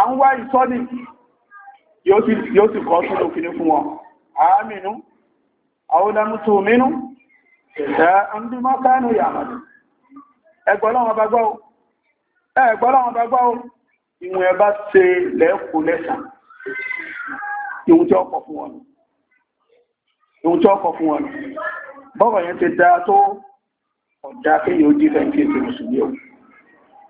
a ń wá ìsọ́nì yóò sì kọ́ sí lókínú fún wọn àmìnú àwọ́dámútó mínú ẹ̀ ń bí mọ́kánù yàmàdù ẹgbọ́lọ́wọ́n bá gbọ́ ìwọ̀n ẹ̀bá ṣe lẹ́ẹ̀kù lẹ́sà ìwọ̀n tí ọkọ̀ fún wọn bọ́rọ̀ yẹn ti dáa tó ọ̀dá kéyìí ó jí fẹ́ kí èsì mùsùlùmí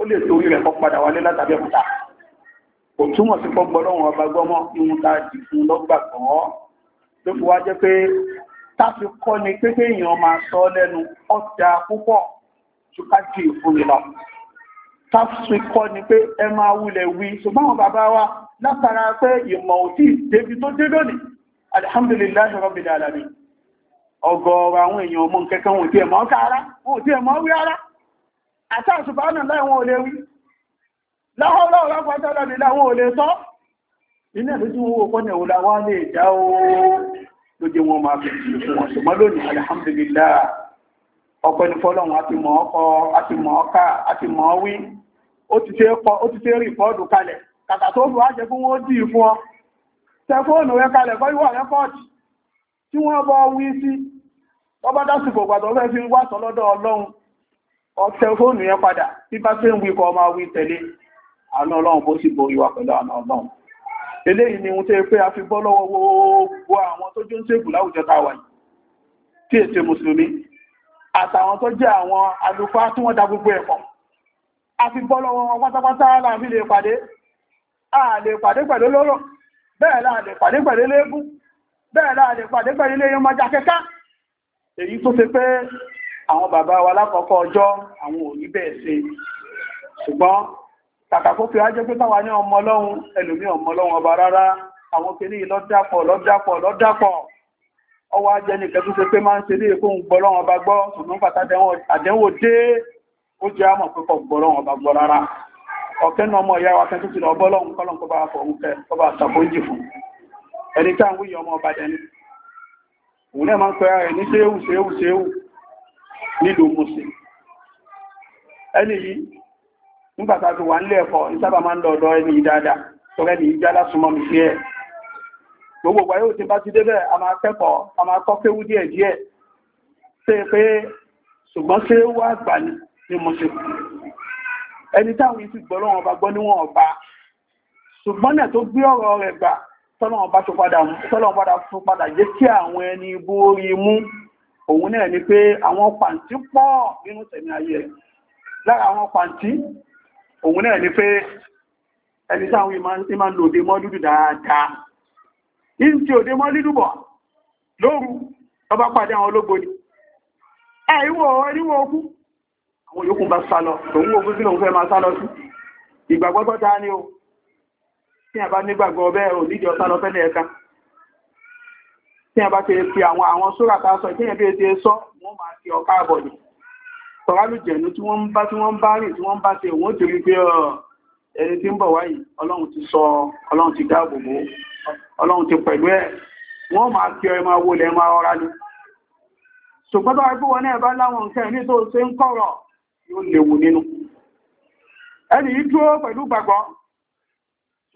ó lè torí rẹ̀ kọ́ padà wálé látàbí ẹ̀kúta kò túmọ̀ sí pọ́gbọ́ lọ́wọ́n ọba gbọ́mọ́ ihun ta dì fún lọ́gbàgbọ́ ló fi wá jẹ́ pé táfi kọ́ ni pé kéèyàn máa sọ lẹ́nu ọ̀tá púpọ̀ ju ká dì fún mi lọ táfi kọ́ ni pé ẹ máa wulẹ̀ wí ṣùgbọ́n àwọn bàbá wa látara pé ìmọ̀ òtí débi tó dé lónìí alihamdulilayi rabbil alamin ọgọ́ọ̀rọ̀ àwọn èèyàn ọmọ kẹkẹ wọn ò tí ẹ̀ mọ́ ká wọn ò tí ẹ̀ mọ́ wí ara àti àṣùbánà láwọn olè wí lọ́wọ́lọ́ ọlọ́pàá láwọn olè tọ́ iná lójú owó pọ́nà òlà wá lè já ó lójú wọn máa fi fún wọn ṣùgbọ́n lónìí alhamdulillah ọpẹ́ ní fọ́lọ́run àti mọ̀ ọkọ àti mọ̀ ọkà àti mọ̀ wí ó ti tẹ́ rìpọ́ọ̀dù kalẹ̀ kàkà tó fi wájẹ fún wọn ó dì í fún ọ tẹfóònù rẹ kalẹ̀ kọ́ ìwà rẹ́kọ́ọ̀dì tí wọ́n bọ́ wí sí ọbádásìkò gbàdọ̀ fẹ́ fi ń wá sọ lọ́dọ̀ ọlọ́run ọ̀tẹ̀ fóònù yẹn padà bí bá tí ń wí kọ ọmọ wí tẹ̀lé àánú ọlọ́run bó sì borí wa pẹ̀lú àánú ọlọ́run eléyìí ni ohun tó yẹ pé a fi bọ́ lọ́wọ́ gbogbo àwọn tó jó ń ṣègùn láwùjọ tá a wà yìí tí èsè mùsùlùmí àtàwọn tó jẹ́ àwọn àlùfáà tí wọ́n da gbogbo ẹ̀kọ́ a fi bọ́ lọ́wọ́ wọn pátápátá láàfi lè pàdé a lè pàdé pẹ̀lú lọ́rọ̀ bẹ́ẹ̀ láà lè pàdé pẹ̀lú léegun bẹ́ẹ̀ láà lè pàdé pẹ̀lú ilé yẹn máa jà kẹ́kẹ́ èyí tó ṣe pé àwọn bàbá wa lákọ̀ọ́kọ́ ọjọ́ àwọn òní bẹ́ẹ̀ ṣe ṣùgbọ́n kàkàkó fi wá jẹ́ pé táwa ní ọmọ ọlọ́run ẹlòmí ọmọ ọlọ́run ọba rárá àwọn kìíní lọ́dàpọ̀ lọ́dàpọ̀ lọ́dàpọ̀ ọwọ́ ajẹ́ nìkan tó ṣe pé máa ń ṣe léè fún gbọ́lọ́run ọba gbọ́ ṣùgbọ́n pàtàkì àdẹ́wò dé ó jẹ́ àmọ̀ pípọ̀ gbọ́lọ́run ọba gbọ́ rárá ọ̀kẹ́ náà ọmọ ìyá wa kan tó ti lọ bọ́lọ́run kọ́lọ́n kó bá fọ̀ oúnjẹ kó bá ṣàfóúnjì fún ẹni tá ń wúyọ ọmọ ọba dẹni òun náà máa ń pẹ́ ara rẹ̀ ní ṣéwù ṣéwù ṣéwù nílùú muslim ẹni yìí nígbàtà tó wà ń lẹ́ẹ̀kọ́ ìsábà máa ń lọ ọ̀dọ̀ ẹni dáadáa tó rẹ̀ ní ìjá lásùmọ́ mi fẹ́ ẹ̀ gbogbo ìgbà yóò ti bá ti débẹ̀ a máa kẹ́kọ̀ọ́ a máa kọ́ kéwú díẹ̀ díẹ̀ ṣe pé ṣùgbọ́n ṣe wá àgbà ní muslim ẹni táwọn yìí ti gbọ́ lọ́wọ́ ọba gbọ́ níwọ̀n ọba ṣùgbọ́n náà tó gbé ọ̀rọ̀ rẹ̀ gbà tọ́lọ́wọ́n padà fún padà jẹ́ kí àwọn ẹni ibú mú òun náà ni pé àwọn pàǹtí pọ̀ nínú tẹ̀mí ayé ẹ̀ lára àwọn pàǹtí òun náà ni pé ẹni sáwọn ìmá ń lo òde mọ́lúdù dáadáa in ti òde mọ́lúdù bọ̀ lóru ọba pàdé àwọn ológbo ni ẹ̀ríwọ̀ ẹ̀ríwọ̀ okú àwọn yòókù bá sálọ tòun ogún sí lòun fẹ́ máa sálọ sí ìgbàgbọ́tọ́ ta ni o tí a bá nígbàgbọ́ bẹ́ẹ̀ ò nídìí ọ̀sálọ fẹ́lẹ̀ ẹ̀ka tí a bá ti fi àwọn àwọn sóra tá a sọ ìpínlẹ̀ bí ti sọ wọ́n máa fi ọ̀ká àbọ̀ ni tọ́rálùjẹ̀nu tí wọ́n bá tí wọ́n bá rìn tí wọ́n bá ṣe òun ó ti rí pé ẹni tí ń bọ̀ wáyìí ọlọ́run ti sọ ọlọ́run ti dáàbò bò ọlọ́run ti pẹ̀lú ẹ̀ wọ́n máa fi ọmọ owó lẹ́ máa rọra ni ṣùgbọ́n tó wá pé wọn náà bá láwọn nǹkan ní tó ṣe ń kọ̀rọ̀ yóò léwu nínú ẹni yìí dúró pẹ̀lú gbàgbọ́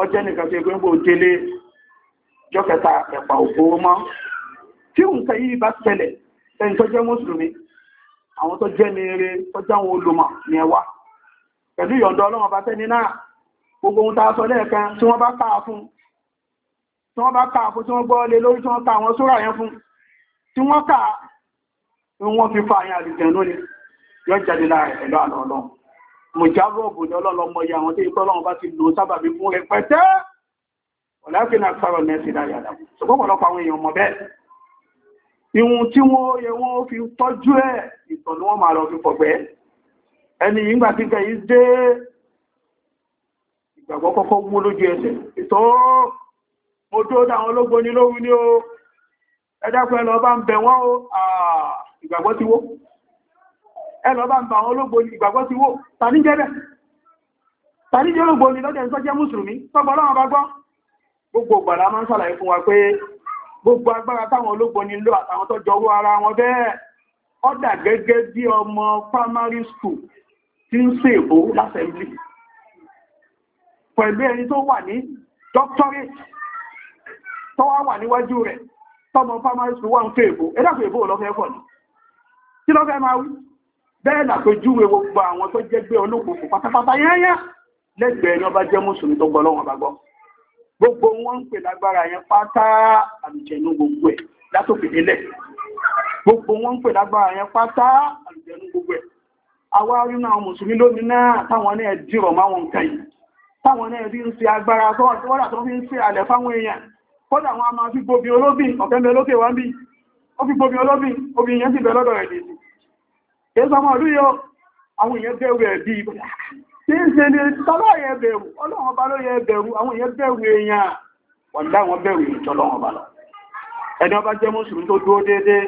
ọjẹ́ nìkan tó gbẹ́gbẹ́ òdélé jọ́kẹta ẹ̀pà ògbówó mọ́ tí nǹkan yìí bá tẹ̀lẹ̀ ẹni tó jẹ́ mùsùlùmí àwọn tó jẹ́ nire tó jáwọn olùmọ̀ ní ẹwà pẹ̀lú ìyọ̀ndọ́ ọlọ́wọ́n bá tẹ́ni náà gbogbo ohun tàà sọ lẹ́ẹ̀kan tí wọ́n bá káà fún tí wọ́n bá káà fún tí wọ́n gbọ́ lé lórí tí wọ́n káà wọn sóra yẹn fún tí wọ́n káà wọ́n fi fa àyàn àlùjẹ̀ lónìí yọ jáde láàrẹ̀ pẹ̀lú àlọ́ ọlọ́run mùjárọ̀bù ni ọlọ́lọ́mọ ya àwọn tí ìtọ́lọ́wọ́ bá ti lò sábàbí fún rẹpẹtẹ ọ̀láfin náà sọ̀rọ̀ mẹ́sì dáyàdá ṣùgbọ́n ọ̀pọ̀lọpọ̀ àwọn èèyàn mọ̀ bẹ́ẹ̀ ìhun tí wọ́n yẹ wọ́n fi tọ́jú ẹ̀ ìtọ̀ ni wọ́n máa lọ fi fọ̀gbẹ́ ẹni ìgbà tí gẹ̀ yìí dé ìgbàgbọ́ kọ́kọ́ wú lójú ẹsẹ̀ ìtọ́ mo dó dáwọn ológun ní lóhun ní o ẹjá pẹ́ lọ bá ń bẹ̀ wọ́n o ìgbàgbọ́ ti wó ẹlọ́bá ń bá àwọn olóògbò ní ìgbàgbọ́ ti wó tàní jẹ́bẹ̀ tàní jẹ́ olóògbò ní lọ́dẹ̀ tó jẹ́ mùsùlùmí tọ́gbọ́ láwọn bá gbọ́ gbogbo gbàlá máa ń sàlàyé fún wa pé gbogbo agbára táwọn olóògbò ní lọ àtàwọn tó jọwọ́ ara wọn bẹ́ẹ̀ ọ̀dà gẹ́gẹ́ bí ọmọ primary school tí ń ṣe èbó lásẹ̀mblì pẹ̀lú ẹni tó wà ní doctorate tó wá wà níwájú rẹ̀ primary school wà ń fẹ́ èbó ẹ̀dàkùn èbó lọ́fẹ́ pọ̀ ní kí lọ́fẹ́ máa wí bẹ́ẹ̀ làpéjúwe gbogbo àwọn tó jẹ́ gbé olókùnkùn pátápátá yányá lẹ́gbẹ̀ẹ́ ni ọba jẹ́ mùsùlùmí tó gbọ́lọ́wọ́ bá gbọ́ gbogbo wọn ń pè lágbára yẹn pátá àlùjẹ̀nú gbogbo ẹ̀ látòkè délẹ̀ gbogbo wọn ń pè lágbára yẹn pátá àlùjẹ̀nú gbogbo ẹ̀ àwa rí náà mùsùlùmí lónìí náà táwọn náà dìrọ̀ máwọn nǹkan yìí táwọn náà rí ń fi agbára tó wọ́n tó fi ń fi àlẹ̀ fáwọn èèyàn kódà wọn a máa fi gbobi olóbì ọ̀kẹ́ mi olókè wá bí ó fi gbobi olóbì obìnrin yẹn sì bẹ lọ́dọ̀ rẹ̀ dèjì ẹgbàmọ̀ ọdún yọ àwọn èèyàn bẹ̀rù ẹ̀ bí tí ah, ń ṣe ní tọ́lọ́ yẹn bẹ̀rù ọlọ́run ọba ló yẹ bẹ̀rù àwọn èèyàn bẹ̀rù èèyàn wọ́n dá wọn bẹ̀rù ìtọ́lọ́run ọba lọ ẹni ọba jẹ́ mùsùlùmí tó dúró déédéé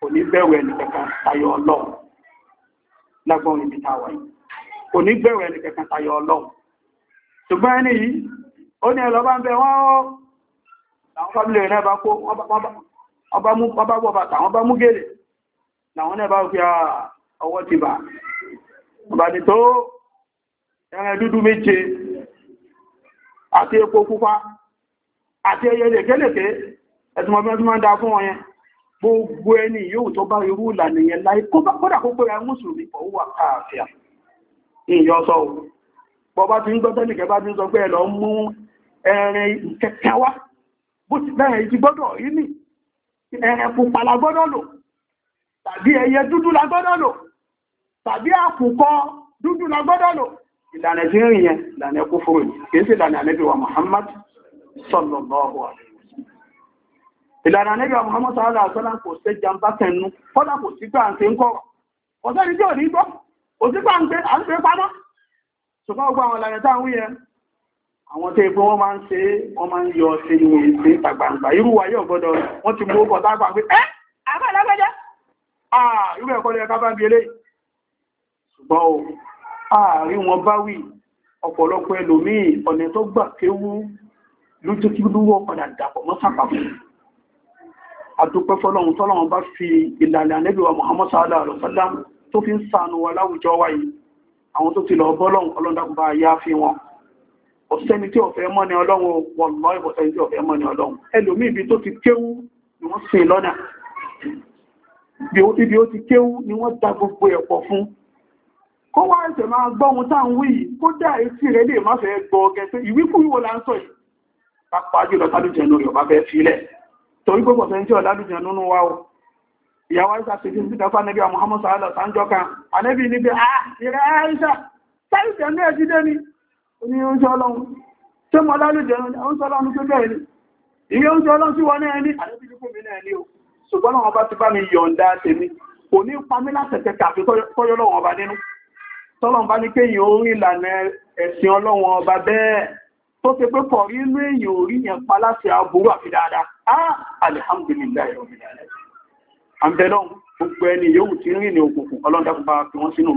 kò ní bẹ̀rù ẹni kankan tayọ ọlọ́run lágbọ́n ibi táwa yìí kò ní bẹ̀rù ẹni kankan tayọ ọlọ́run ṣùgbọ́n ẹni yìí ó ní ẹlọ́ba ń bẹ wọ́n àwọn làwọn náà bá fi ah, ọwọ́ ti bà bàdì tó ẹran dúdú méje àti epo pupa àti ẹyẹ lẹ̀kẹ́lẹ̀kẹ́ ẹ̀tùmọ̀ bí wọ́n ti máa ń da fún wọn yẹn gbogbo ẹni yóò tó bá irú ìlànà yẹn láì kódà kó pẹ́ra mùsùlùmí pọ̀ wà káàfíà ìyọ sọ bọba ti ń gbọ́tọ́ nìkẹ́ bá sọ pé ẹ̀lọ mú ẹ̀rẹ̀ kẹkẹ wá bó ti bẹ̀rẹ̀ ti gbọ́dọ̀ yìí nì ẹ̀rẹ̀ pupa la gbọ́dọ̀ lò tàbí ẹyẹ dúdú la gbọ́dọ̀ lò tàbí àkùkọ dúdú la gbọ́dọ̀ lò ìlànà tí rìn yẹn ìlànà ẹkú fúrò ní kìí sí ìlànà ànábì wa Muhammad sallallahu alaihi wasallam ìlànà ànábì wa Muhammad sallallahu alaihi wasallam kò sí jàmbá tẹnu kọ́dà kò sí gbà ń ṣe ń kọ́ ọ̀sẹ́ni tí ò ní gbọ́ kò sí gbà ń ṣe pamọ́ ṣùgbọ́n gbogbo àwọn ìlànà táwọn yẹn àwọn tó ẹgbẹ́ wọ́n máa ń ṣe wọ́n máa ń yọ sí ìwé ìsìn ìta gbangba irú wa yóò ti mú ọkọ̀ lágbà pé ẹ́ ààrùn ah, ẹ̀kọ́ lẹ́ẹ̀ká bá bí elé ṣùgbọ́n o ààrin ah, wọn bá wí ọ̀pọ̀lọpọ̀ ẹlòmíì ọ̀nà tó gbà kéwú lójú kí lúwọ́ padà dàpọ̀ mọ́ sàpapọ̀ àdúpẹ́ fọ́lọ́run tọ́lọ́run bá fi ìlànà Ànábì wa Muhammad sallallahu alaihi wasallam tó fi ń ṣàánú wa láwùjọ wa yìí àwọn tó ti lọ bọ́lọ́run ọlọ́dàkùn bá yá fi ẹlòmíì ibi tó ti kéwú ni wọ́n sin lọ́nà ibi ó ti kéwú ni wọ́n da gbogbo ẹ̀pọ̀ fún kó wá ẹ̀sẹ̀ máa gbọ́hun tá ń wí yìí kó dá etí rẹ̀ lè má fẹ́ gbọ́ kẹsẹ̀ ìwíkúwíwò là ń sọ yìí pápá jùlọ tálùjẹ lórí ọba fẹ́ filẹ̀ torí gbogbo ọ̀sẹ̀ ń jẹ́ ọ̀lálùjẹ nínú wa o ìyàwó àìsà ti fi síta fún anẹ́bí Muhammad sàálà sáńjọ́ kan anẹ́bí ní pé ah ìrẹ́ àìsà sáìsì ẹ̀mí ẹ̀ jíde ni ní oúnjẹ ọlọ́run tí mo lálùjẹ oúnjẹ ọlọ́run tó bẹ́ẹ̀ ni ìrẹ́ oúnjẹ ọlọ́run sí wọn náà ní anẹ́bí ní fún mi náà ní o ṣùgbọ́n náà ọba ti bá mi yọ̀ǹda tèmi kò ní pamí látẹ̀tẹ̀ kàfi tọ́yọ́ lọ́wọ́n ọba nínú tọ́lọ́n bá ní kéyìn ó rí ìlànà ẹ̀sìn ọlọ́wọ́n ọba bẹ́ẹ̀ tó ṣe pé kọ̀ rí inú èyàn orí yẹn pa láti aburú àfi dáadáa ah alihamdulilayi àbẹ̀lọ́n gbogbo ẹni yóò ti rìn ní òkùnkùn ọlọ́dàkùnbà fi wọ́n sínú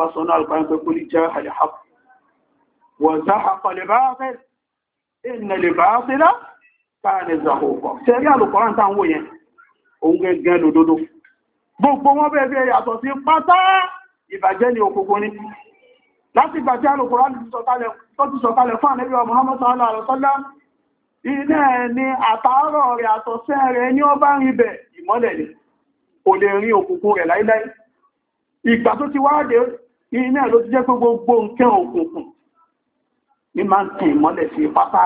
bá sọ náà lè bá fẹ́ fáàrẹ̀ zàkókọ̀ tẹ́rí àlùkọ́rán táwọn yẹn òun gẹ́gẹ́ lòdòdó gbogbo wọn bẹ́ẹ̀ yàtọ̀ sí pátá ìbàjẹ́ ni òkòkò ní láti gbàjẹ́ àlùkọ́rán tó ti sọ̀kalẹ̀ fún ànẹ́bí ọmọ Muhammad sallallahu alaihi wasallam iná ẹ̀ ni àtàárọ̀ rẹ̀ àtọ̀sẹ́ rẹ̀ ní ọ bá rí bẹ̀ ìmọ́lẹ̀ ni kò lè rí òkùnkùn rẹ̀ láíláí ìgbà tó ti wáàdé iná ẹ̀ ló ti jẹ́ pé gbogbo nǹkan òkùnkùn ní máa ń tàn ìmọ́lẹ̀ sí pátá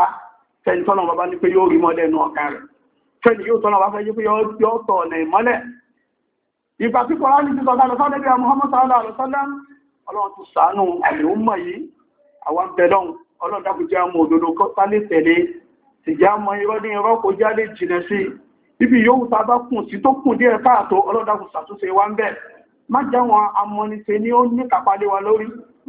fẹ́ni tọ́nà bàbá ní pé yóò rí mọ́lẹ̀ ní ọkà rẹ̀ fẹ́ni yóò tọ́nà bàbá pé yóò tọ̀ ọ̀nà ìmọ́lẹ̀ ìgbà tí ní bí i Muhammad sallallahu ọlọ́run ti sàánú àlèúmọ̀ yìí àwọn bẹ̀lọ́n ọlọ́run dákun jẹ́ ọmọ òdodo jẹ́ ọmọ irọ́ ní irọ́ jìnà sí ibi yóò ta bá kùn sí tó kùn díẹ̀ káàtó ọlọ́run dákun ṣàtúnṣe wa ń bẹ̀ má jẹ́ wọn amọ́nise ni ó ní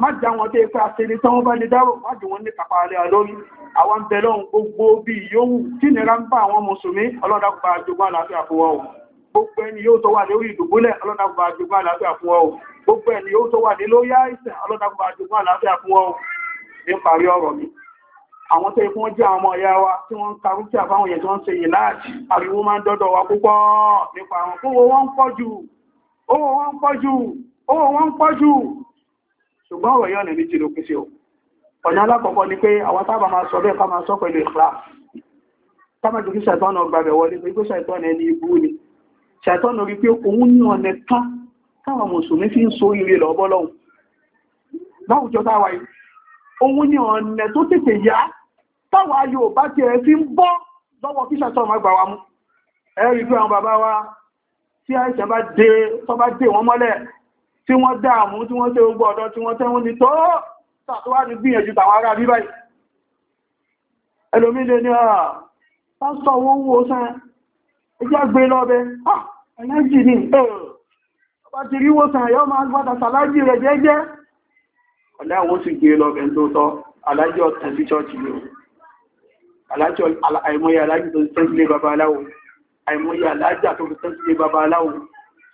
má já wọn tó ipa àṣírí tán wọ́n bá lè dárò má jù wọ́n ní kàpá alẹ́ lórí àwọn ń bẹ̀lọ́ gbogbo bí yóò tí nira ń bá àwọn mùsùlùmí ọlọ́dàkùnbà àjogún àlàáfíà fún wọn o gbogbo ẹni yóò tó wà lórí ìdùbúlẹ̀ ọlọ́dàkùnbà àjogún àlàáfíà fún wọn o gbogbo ẹni yóò tó wà ní lórí àìsàn ọlọ́dàkùnbà àjogún àlàáfíà fún wọn o ní parí ọ̀rọ̀ mi àwọn tó ikú jẹ́ àwọn ọ̀yá wa tí wọ́n ń karú tí àbáwọn èèyàn tí wọ́n ń ṣe ìlàájì ariwo máa ń dọ́dọ̀ ṣùgbọ́n ọ̀rọ̀ yọ́nà méjì ló pín sí o ọ̀nà alákọ̀ọ́kọ́ ni pé àwọn tábà máa sọ bẹ́ẹ̀ ká máa sọ pẹ̀lú ìkra tábàjù kí ṣàtọ́nà pé ni ṣàtọ́nà rí pé òun ní ọ̀nà kan táwọn mùsùlùmí fi ń so ire lọ́bọ́ lọ́hùn láwùjọ táwa yìí òun ní ọ̀nà tó tètè yá táwa yóò bá ti ẹ̀ fi ń àwọn bàbá wa tí àìsàn bá dé wọ́n mọ́lẹ̀ tí wọ́n dáàmú tí wọ́n tẹ́ ogbọ́ ọ̀dọ́ tí wọ́n tẹ́wọ́n ni tó tàtọ́wàdì gbìyànjú tàwọn ará bí báyìí ẹlòmílẹ̀ ní àà pásọ̀ owó owó sán ẹjá gbé lọ́bẹ̀ ẹ̀lẹ́jì ni ọba ti rí wó sàn yọ́ máa gbádà sàlájì rẹ̀ jẹ́jẹ́ ọ̀lẹ́ àwọn sì gbé lọ́bẹ̀ lóòtọ́ alájọ́ tàn sí chọ́ọ̀chì ni àìmọye alájì tó ti tẹ́ sílé babaláwo àìmọye alájà tó ti tẹ́ sílé babaláwo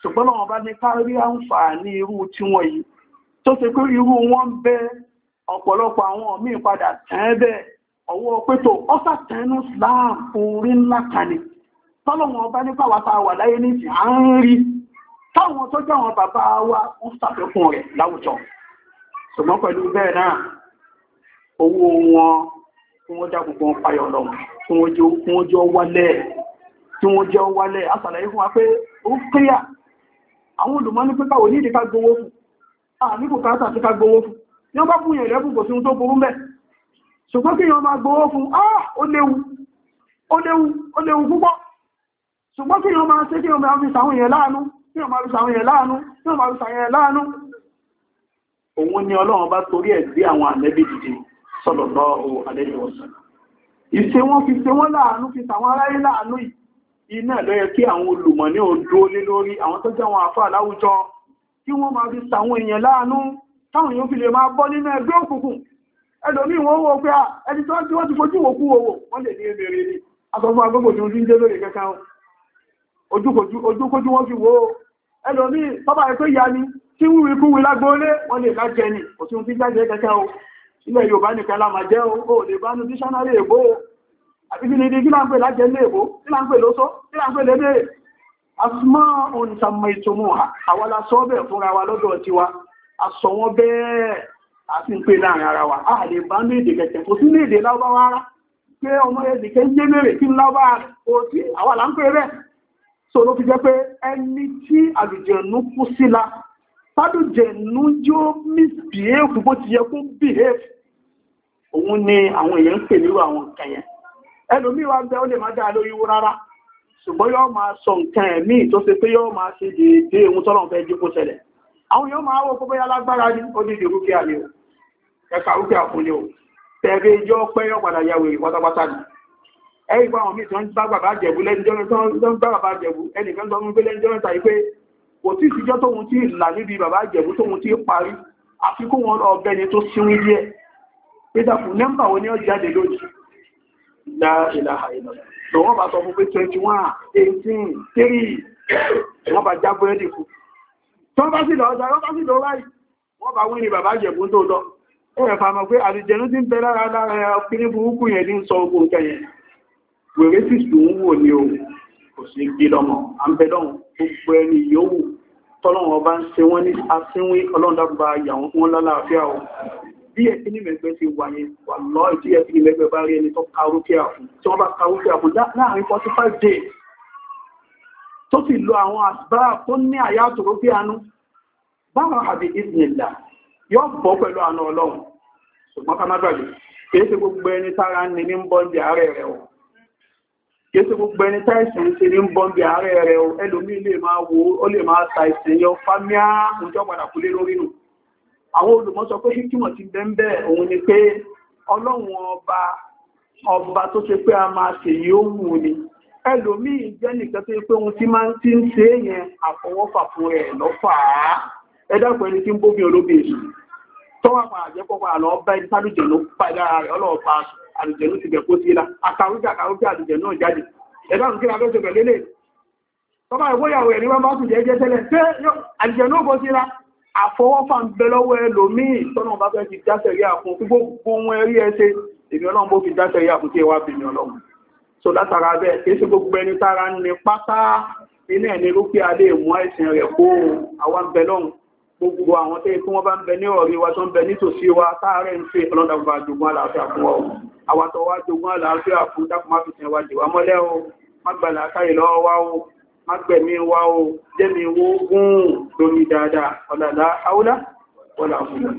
ṣùgbọ́n náà bá ní kárí àǹfààní irú tí wọ́n yìí tó ṣe pé irú wọn ń bẹ ọ̀pọ̀lọpọ̀ àwọn míì padà tẹ́ bẹ́ ọwọ́ pẹ́tò ọ́sà tẹ́nu Islam orí ńlá kanì tọ́lọ̀wọ̀n ọba nípa wa ta wà láyé ní ìsìn à ń rí táwọn tó jẹ́ àwọn bàbá wa ń ṣàfikún rẹ̀ láwùjọ ṣùgbọ́n pẹ̀lú bẹ́ẹ̀ náà owó wọn tí wọ́n já gbogbo payọ̀ lọ tí wọ́n jẹ́ wálẹ̀ tí wọ́n jẹ́ wálẹ̀ àṣàlàyé fún wa pé ó kíyà àwọn olùmọ́ ní pípa ò ní ìdíká gbowó fún àní kò káàtà sí ká gbowó fún ní wọ́n bá fún yẹn lẹ́bùn kò sí ohun tó burú mẹ́ ṣùgbọ́n kí yẹn máa gbowó fún ah ó léwu ó léwu ó léwu púpọ̀ ṣùgbọ́n kí yẹn máa ṣe kí yẹn máa fi sàwọn yẹn láàánú kí yẹn máa fi sàwọn yẹn láàánú kí yẹn máa fi sàwọn yẹn láàánú òun ni ọlọ́run bá torí ẹ̀ gbé àwọn ànẹ́bí dìde sọ̀lọ̀ lọ́wọ́ àlejò ọ̀sán ìṣe wọn fi ṣe wọn láàánú fi sàwọn aráyé láàánú yìí iná lọ́yẹ kí àwọn olùmọ̀ ní òǹdó lé lórí àwọn tó jẹ́ wọn àfáà láwùjọ kí wọ́n máa fi sàwọn èèyàn láàánú táwọn èèyàn fi lè máa bọ́ nínú ẹgbẹ́ òkùnkùn ẹlòmí wọ́n wọ́n pé ẹni tó tí wọ́n ti fojú wò kú owó wọ́n lè ní ebèrè ní asọ́fún agbógbò tí ó ti ń jẹ́ lórí kankan ojúkójú wọ́n fi wò ẹlòmí tọ́bà ẹ̀kọ́ ìyá ni tí wúwi kúwi lágbóólé wọ́n lè lájẹ ni kò tí ó ti jáde kankan ilẹ̀ Yorùbá nìkan la o lè bá nu dísánárì èbó àbíbìnidí kí láńpẹ́ lájẹ́ ilé èbó kí láńpẹ́ lóṣó kí láńpẹ́ lébèrè asmọ́ òǹtàmọ̀ ìtòmọ̀ àwọ́lá sọ́ọ̀bẹ̀ fúnra wa lọ́dọ̀ tiwa asọ̀wọ́n bẹ́ẹ̀ àti ń pè láàrin ara wa a lè bá ní èdè kẹ̀kẹ́ kò sí ní èdè láwọ́bá rárá pé ọmọ ẹ̀dì kẹ́ ń jẹ́ mẹ́rẹ̀ la fádùjẹ̀nú yóò misbehave bó ti yẹ kó behave òun ni àwọn èèyàn ń pè nírú àwọn nǹkan ẹlòmíì wa ń bẹ ó lè má dáa lórí wú rárá ṣùgbọ́n yóò máa sọ nǹkan ẹ̀mí tó ṣe pé yóò máa ṣe déédéé ohun tọ́lọ̀ fẹ́ jí kó ṣẹlẹ̀ àwọn yóò máa wò pé bóyá lágbára ní odidi rúkìá ni o ẹ̀ka rúkìá fún ni o tẹ̀rẹ̀ yọ pé yọ padà yà wèrè pátápátá ni ẹ̀yìn fún àwọn míì tó ń bá bàbá jẹ̀bú ẹnìkan tó ń gbé lẹ́jọ́ mẹ́ta yìí pé kò tí ìfijọ́ tóun ti là níbi bàbá jẹ̀bú tóun ti parí àfikún wọn ọ̀gbẹ́ni tó síwí díẹ̀ pété àfún nẹ́mbà wo ni ó jáde lónìí láìláha ìlọ lọ wọ́n bá sọ fún pé 21 18 3 wọ́n bá já búrẹ́dì fún tó bá sì lọ ọjà wọ́n bá sì lọ láì wọ́n bá wí ní bàbá jẹ̀bú tó lọ ó rẹ̀ fàmọ̀ pé àlùjẹ̀nú ti ń bẹ lára lára ọkùnrin burúkú yẹn ní sọ ogun nǹkan yẹn wèrè sì sùn wò ní o kò sí gbé lọmọ à ń bẹ lọ́hùn gbogbo ẹni yòówù tọ́lọ́run ọba ń ṣe bí ẹ̀sìn ní mẹ́gbẹ́ ti wà yẹn wà lọ tí ẹ̀sìn ní mẹ́gbẹ́ bá rí ẹni tó karú kí àfún tí wọ́n bá karú kí àfún láàrin 45 days tó sì lo àwọn àsìbá tó ní àyà àtòrò bí anú báwọn àbí ìsìnlá yóò bọ́ pẹ̀lú àna ọlọ́run ṣùgbọ́n ká má gbàgbé kìí ṣe gbogbo ẹni tára ní ní ń bọ́ ń bí ààrẹ rẹ̀ o kìí ṣe gbogbo ẹni tá ìsìn ń ṣe ní ń bọ́ ń bí ààrẹ rẹ̀ o ẹlòmíì lè máa wo ó lè máa ta ìsìn yọ fámíà ń padà kú lé lórí nù àwọn olùmọ̀ sọ pé hikimọ̀ ti bẹ́ńbẹ́ òun ni pé ọlọ́run ọba ọba tó ṣe pé a máa ṣe yìí ó wù ni ẹlòmíì jẹ́ nìkan tó pé ohun tí máa ń ti ń ṣe yẹn àfọwọ́fà fún ẹ̀ lọ́fàá ẹ dákun ẹni tí ń bóbi olóbi èṣù tọ́wọ́ àwọn àjẹpọ̀pọ̀ àlọ́ ọba ẹni tálùjẹ̀ ló pa rẹ̀ ọlọ́ọ̀pá àlùjẹ̀ ló ti bẹ̀ sí la àkàrújà àkàrújà àlùjẹ̀ náà jáde ẹ dákun kí abẹ́sẹ̀ pẹ̀lẹ́lẹ̀ tọ́ba ìwóyàwó ẹ̀ ní wọ́n bá sùn jẹ́jẹ́ tẹ́lẹ̀ ṣé àlùjẹ̀ náà kó sí la àfọwọ́fà ń bẹ lọ́wọ́ ẹlòmíì tọ́nà bá fẹ́ fi dáṣẹ̀ rí àfún tí gbogbo wọn ẹrí ẹsẹ èmi ọlọ́run bó fi dáṣẹ̀ rí àfún tí ẹwà bèmí ọlọ́run so látara bẹ́ẹ̀ kì í ṣe gbogbo ẹni tára ń ní pátá nínú ẹni rúpẹ́ alẹ́ ìmú ẹ̀sìn rẹ̀ kó àwọn ń bẹ lọ́run gbogbo àwọn tẹ́ tí wọ́n bá ń bẹ ní ọ̀rí wa tó ń bẹ nítòsí wa táàrẹ̀ ń fi ọlọ́dàgbà jogún àlàáfíà fún ọ agbẹ̀mí wa o jẹ́mi owó gún lórí dáadáa ọ̀làlá haúlá wọ́là fúnlá